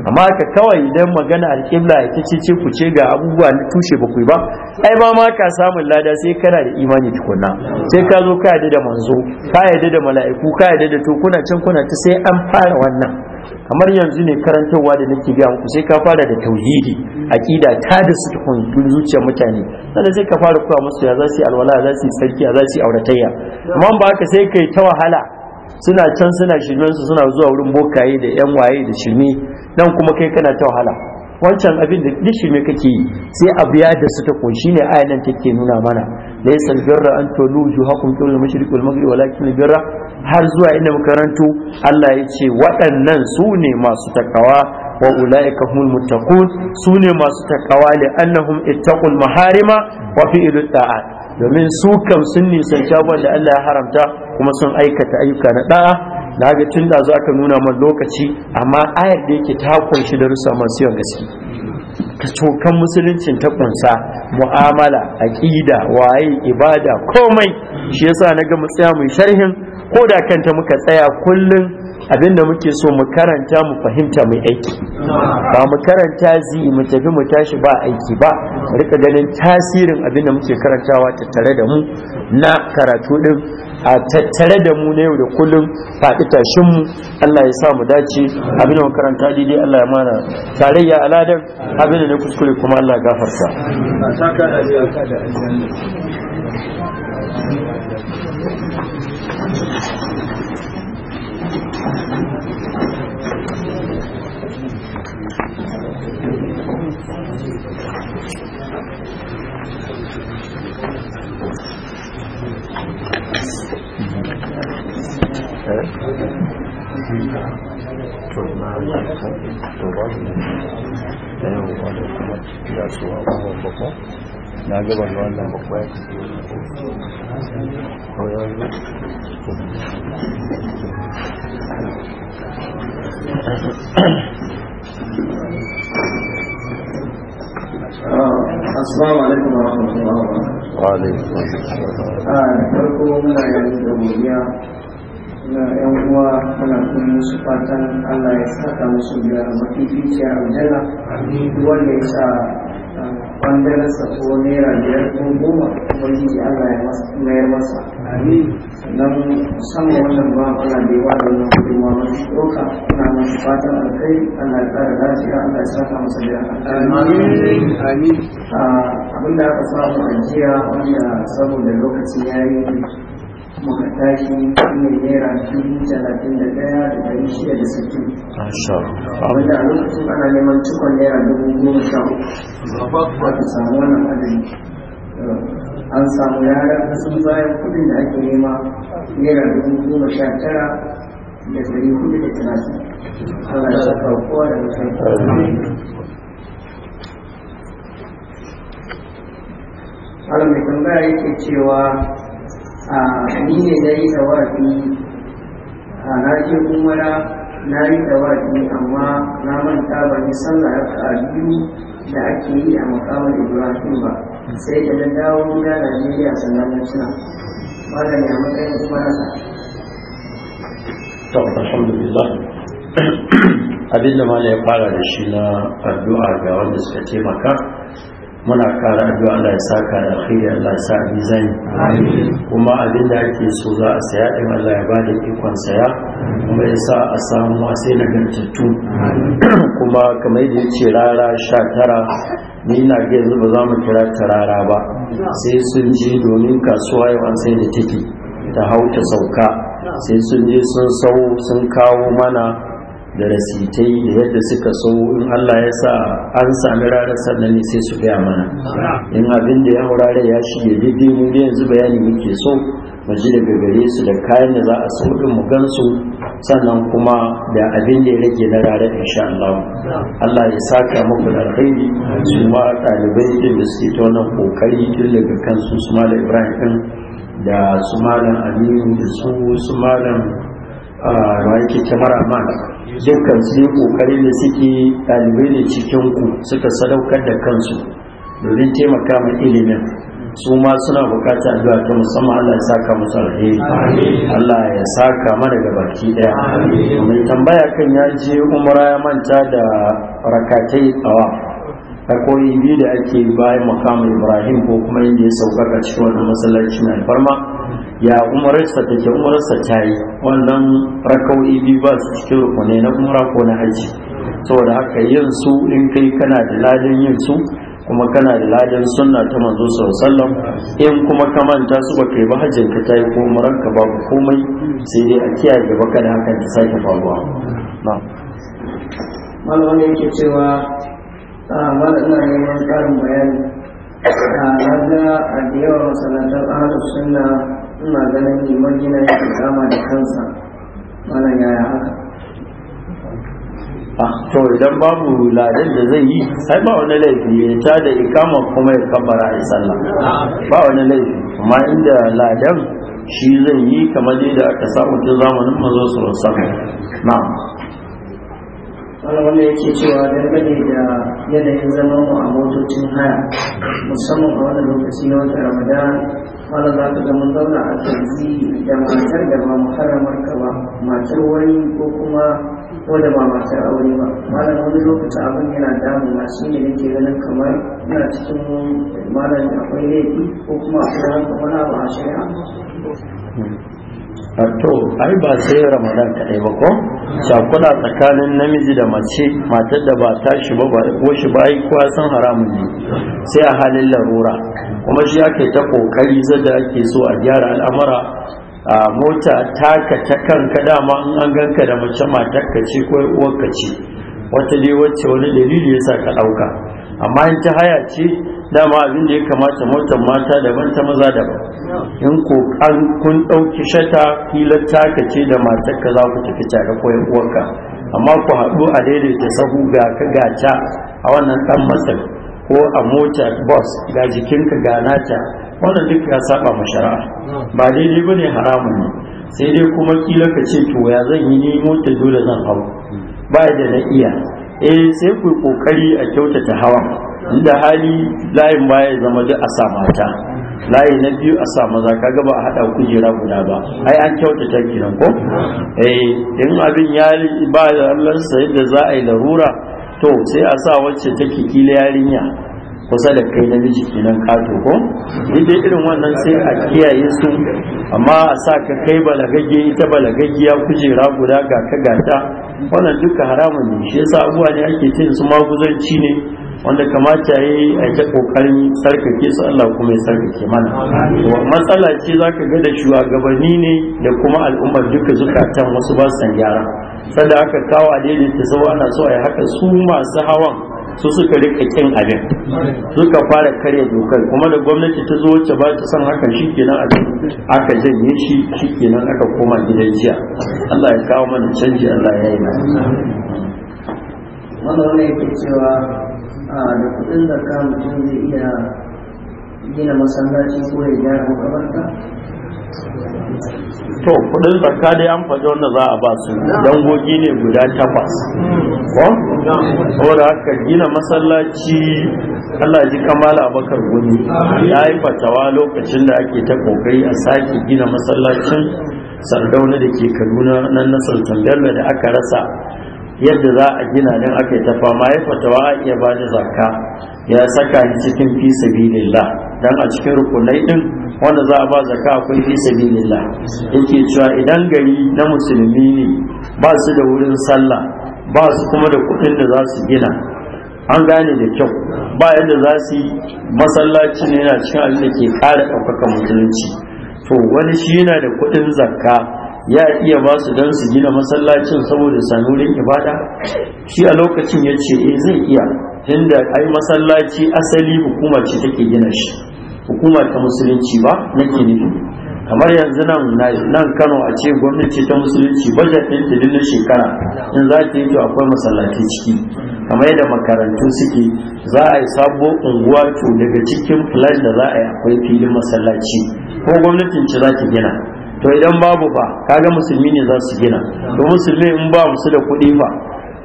amma ka kawai idan magana alƙibla ita ce ce ku ce ga abubuwa na tushe ba ba ai ba ma ka samun lada sai kana da imani tukunna sai ka zo ka yadda da manzo ka yadda da mala'iku ka yadda da tukuna can kuna ta sai an fara wannan kamar yanzu ne karantarwa da nake ga muku sai ka fara da tauhidi aqida ta da su tukun zuciyar mutane sannan sai ka fara kuwa musu ya za su yi alwala za su yi sarki ya za su yi auratayya amma ba haka sai kai ta wahala suna can suna su suna zuwa wurin bokaye da yan waye da shirme nan kuma kai kana ta wahala wancan abin da duk shirme kake yi sai a ya da su ta ko ne ayan nan take nuna mana laysa birra an tulu juhakum qibla mashriq wal maghrib walakin birra har zuwa inda makarantu Allah ya ce waɗannan su ne masu takawa wa ulaika humul muttaqun su ne masu takawa li annahum ittaqul maharima wa fi'ilut ta'at domin su kam sun nisanci abubuwan da Allah ya haramta kuma sun aikata ayyuka na da'a na ga tun da za ka nuna man lokaci amma ayar da yake ta kunshi da rusa masu yawan gaske ka cokan musuluncin ta kunsa mu'amala aqida waye ibada komai shi yasa naga mu tsaya mu sharhin ko da kanta muka tsaya kullun Abin da muke so mu karanta mu fahimta mai aiki ba mu karanta zi mu tafi mu tashi ba aiki ba rika ganin tasirin abinda muke karantawa tattare da mu na karatu din a tattare da mu na yau da kullum faɗi tashin mu Allah ya sa mu dace abinda mu karanta daidai Allah ya mana tarayya al'adan abinda na kuskure kuma Allah gafarta Thank to ba su da yawan wadda kuma ya tsuwa ba na gaba da wannan bakwai Assalamu alaikum wa rahmatullahi wa Wa alaikum assalam. Ah, farko muna yin godiya na yan uwa muna kuma musu fatan Allah ya saka musu da mafificiya aljanna. ya sa kwandararsa ko naira biyar ko goma ubangiji allah ya mayar masa sannan musamman wannan ba allah da yawa da wannan gudunmawa wani ɗauka ana masu fatan alkai allah ya ƙara lafiya allah ya saka masa da amin ah, abinda aka samu a jiya wanda saboda lokacin ya yi. muka tashi ne naira dubu da da da Wanda neman cikon dubu goma sha An samu yaran sun bayan kuɗin da ake nema naira dubu goma sha tara da ɗari da talatin. Allah ya saka kowa da mutum. Alam mai tambaya yake cewa ni ne da yi tawafi na je umara na yi tawafi amma na manta ba ni sallah raka'a biyu da ake yi a makamin ibrahim ba sai da na dawo gida najeriya sannan na tuna ne a matsayin umara ta to alhamdulillah abinda malam ya fara da shi na addu'a ga wanda suka taimaka muna kara addu'a Allah ya saka da alkhairi Allah ya sa mizani kuma abin da ake so za a saya din Allah ya bada ikon saya kuma ya sa a samu sai nagartattu kuma kamar yadda ce rara sha tara ni na ga yanzu ba za mu kira ta rara ba sai sun ji domin kasuwa yau an sai da ta hau ta sauka sai sun je sun sau sun kawo mana da rasitai da yadda suka so in Allah ya sa an sami ranar sannan ne sai su gaya mana in abin da ya wurare ya shige daidai mu yanzu bayani muke so mu ji daga gare su da kayan da za a so din mu gansu sannan kuma da abin da ya rage na ranar insha Allah Allah ya saka muku da alkhairi su ma ɗalibai din da suke ta wannan kokari tun daga kansu su malam Ibrahim da su malam Aminu da su su malam Raiki ah, Tamara amana dukkan su yi kokari da suke ɗalibai ne cikin ku suka sadaukar da kansu domin taimaka ma ilimin su ma suna bukata zuwa ta musamman Allah ya saka musu alheri Allah ya saka mana da baki daya mai tambaya kan ya je umara ya manta da rakatai ta koyi biyu da ake bayan makamun Ibrahim ko kuma inda ya saukaka cikin wannan masallaci na alfarma ya umararsa ta ke umararsa ta yi wannan rakau'i biyu ba su cikin rukunai na umara ko na haji saboda haka yin su in kai kana da ladan yin su kuma kana da ladan sunna ta manzo sallam in kuma ka manta su baka yi ba hajjin ka tayi ko umaran ka babu komai sai dai a kiyaye gaba kada hakan ta sake faruwa na'am malamin yake cewa a ah, malamin neman karin bayani ah, a ga a da yawan masallatar ahlus sunna ina ganin liman yana da dama da kansa mana yaya haka ah to idan babu ladan da zai yi sai ba wani laifi ya ta da ikama kuma ya kabbara a sallah ba wani laifi amma inda ladan shi zai yi kamar da aka samu tun zamanin mazo su rasa na wani wanda yake cewa dangane da yanayin zaman mu a motocin haya musamman a wani lokaci na wata ramadan wanda za ka mun zauna a tsanzi da matar da ba muharramar ka ba matar wani ko kuma ba matar aure ba malam wani lokaci abin yana damuna shi ne nake ganin kamar yana cikin malam akwai laifi ko kuma akwai wani abu a shari'a to ai ba sai ramadan kaɗai ba ko shakuna tsakanin namiji da mace matar da ba ta shi ba ko shi ba yi kowa san haramun ne sai a halin larura kuma shi ake ta kokari zada ake so a gyara al'amura? a mota taka ta kanka dama in an ganka da mace matar ka ce ko uwar ka ce wata dai wacce wani dalili yasa ka ɗauka amma in ta haya ce dama abin da ya kamata motar mata daban ta maza daban in ko kun ɗauki shata filar taka ce da matar ka za ku tafi tare ko yan uwarka amma ku haɗu a daidaita sahu ga ka gata a wannan ɗan masar, ko a mota bus ga jikinka ga nata wannan duk ya saba ma shari'a ba daidai ba ne haramun ne sai dai kuma kila ka ce to ya zan yi ni mota dole zan hau ba da na iya eh sai ku kokari a kyautata hawan inda hali layin ma ya zama duk a mata layi na biyu a sa maza ka gaba a hada kujera guda ba ai an kyautata kenan ko eh in abin ya ba Allah sai da za a yi larura to sai a sa wacce take kila yarinya kusa da kai namiji kenan kato ko inda irin wannan sai a kiyaye su amma a sa ka kai balagagge ita balagaggiya kujera guda ga ka gata wannan duka haramun ne shi yasa abuwa ne ake cin su maguzanci ne wanda kamata yi a ta kokarin sarkake su Allah kuma ya sarkake mana matsala ce zaka ga da shugabanni ne da kuma al'ummar duka zukatan wasu ba san gyara sanda aka kawo a daidaita sau ana so a yi haka su masu hawan su suka rika kin abin suka fara karya dokar kuma da gwamnati ta zo wacce ba ta san hakan shikenan aka janye shi shikenan aka koma gidan jiya Allah ya kawo mana canji Allah ya yi mana wannan wani yake cewa da kudin da ka mutum zai iya gina masallaci ko ya gyara makabarta to kudin zakka dai an faɗi wanda za a ba su dangogi ne guda takwas ko da haka gina masallaci Allah ji kamala abakar guni ya yi fatawa lokacin da ake ta kokari a sake gina masallacin sardauna da ke kaduna nan na sultan bello da aka rasa yadda za a gina din aka yi ta fama ya fatawa a iya ba da zakka ya saka ni cikin fi sabilillah dan a cikin rukunai din wanda za a ba zaka akwai fi sabilillah yake cewa idan gari na musulmi ne ba su da wurin sallah ba su kuma da kuɗin da za su gina an gane da kyau ba yadda za su yi masallaci ne yana cikin abin da ke ƙara ɗaukaka musulunci to wani shi yana da kuɗin zakka ya iya ba su don su gina masallacin saboda sanurin ibada shi a lokacin ya ce eh zai iya inda ai masallaci asali hukuma ce take gina shi hukuma ta musulunci ba nake nufi kamar yanzu nan nan Kano a ce gwamnati ta musulunci budget ta da na shekara in za ta yi to akwai masallaci ciki kamar yadda makarantu suke za a yi sabo unguwa to daga cikin plan da za a yi akwai filin masallaci ko gwamnatin ci za ta gina to idan babu fa kaga musulmi ne za su gina to musulmi in ba musu da kuɗi ba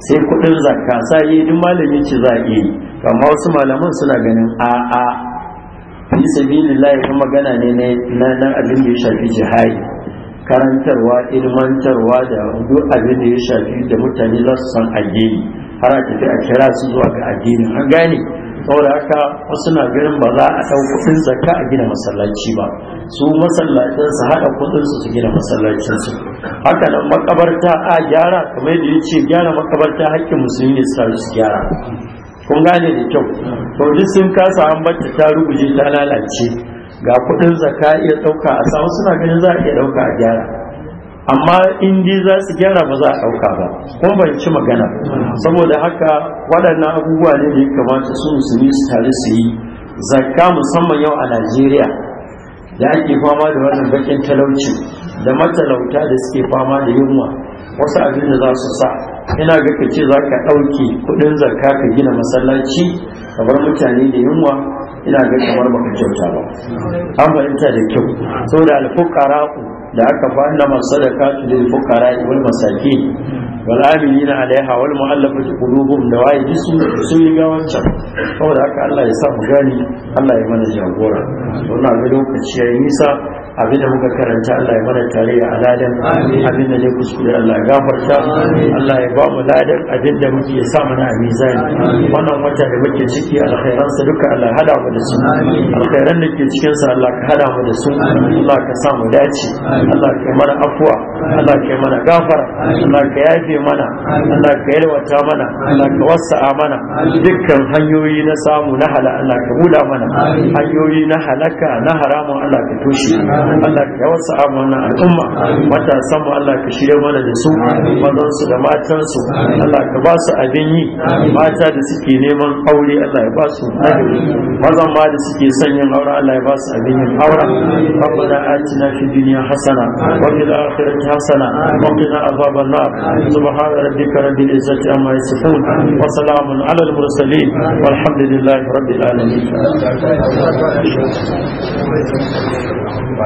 sai kuɗin zakka sa yi duk malami ci za a yi kamar wasu malaman suna ganin a'a fi sabilillah kuma magana ne na nan abin da ya shafi jihadi karantarwa ilmantarwa da duk abin da ya shafi da mutane za su san addini har a tafi a kira su zuwa ga addini an gane saboda haka wasu na ganin ba za a ɗau kuɗin zakka a gina masallaci ba su masallacin su haɗa kuɗin su su gina masallacin su haka nan makabarta a gyara kamar da ya ce gyara makabarta haƙƙin musulmi ne su gyara kun gane da kyau to duk sun kasa an bata ta ruguje ta lalace ga kudin zaka iya dauka a samu suna ganin za a iya dauka a gyara amma in dai za su gyara ba za a dauka ba kuma ban ci magana saboda haka waɗannan abubuwa ne da ya kamata su musulmi su tare su yi zakka musamman yau a Najeriya da ake fama da wannan bakin talauci da matalauta da suke fama da yunwa wasu abin da za su sa ina ga ka za ka ɗauki kuɗin zarka ka gina masallaci kamar mutane da yunwa ina ga kamar baka kyauta ba an fahimta da kyau saboda ku da aka fa'ala su da alfukara wal masaki wal amilina alaiha wal mu'allafati qulubuhum da waye su su yi ga wancan saboda haka Allah ya sa mu gani Allah ya mana jagora wannan lokaci yayi nisa abinda muka karanta Allah ya mana tare ya aladan abinda ne kuskure Allah ya gafarta Allah ya ba mu ladan abinda muke ya sa mana a mizani wannan wata da muke ciki alkhairan sa duka Allah hada mu da su alkhairan da ke cikin sa Allah ka hada mu da su Allah ka sa mu dace Allah ka mana afwa Allah ka mana gafara Allah ka yafe mana Allah ka yalwata mana Allah ka wasa'a mana dukkan hanyoyi na samu na halala Allah ka bula mana hanyoyi na halaka na haramun Allah ka toshe Allah ka yawasa a al'umma wata mu Allah ka shirya mana da su mazan su da matan su Allah ka ba su abin yi mata da suke neman aure Allah ya ba su mazan ma da suke son yin aure Allah ya ba su abin yin aure rabbana atina dunya hasana wa fil akhirati hasana wa qina azaban nar subhana rabbika rabbil izzati amma yasifun wa salamun ala al mursalin walhamdulillahi rabbil alamin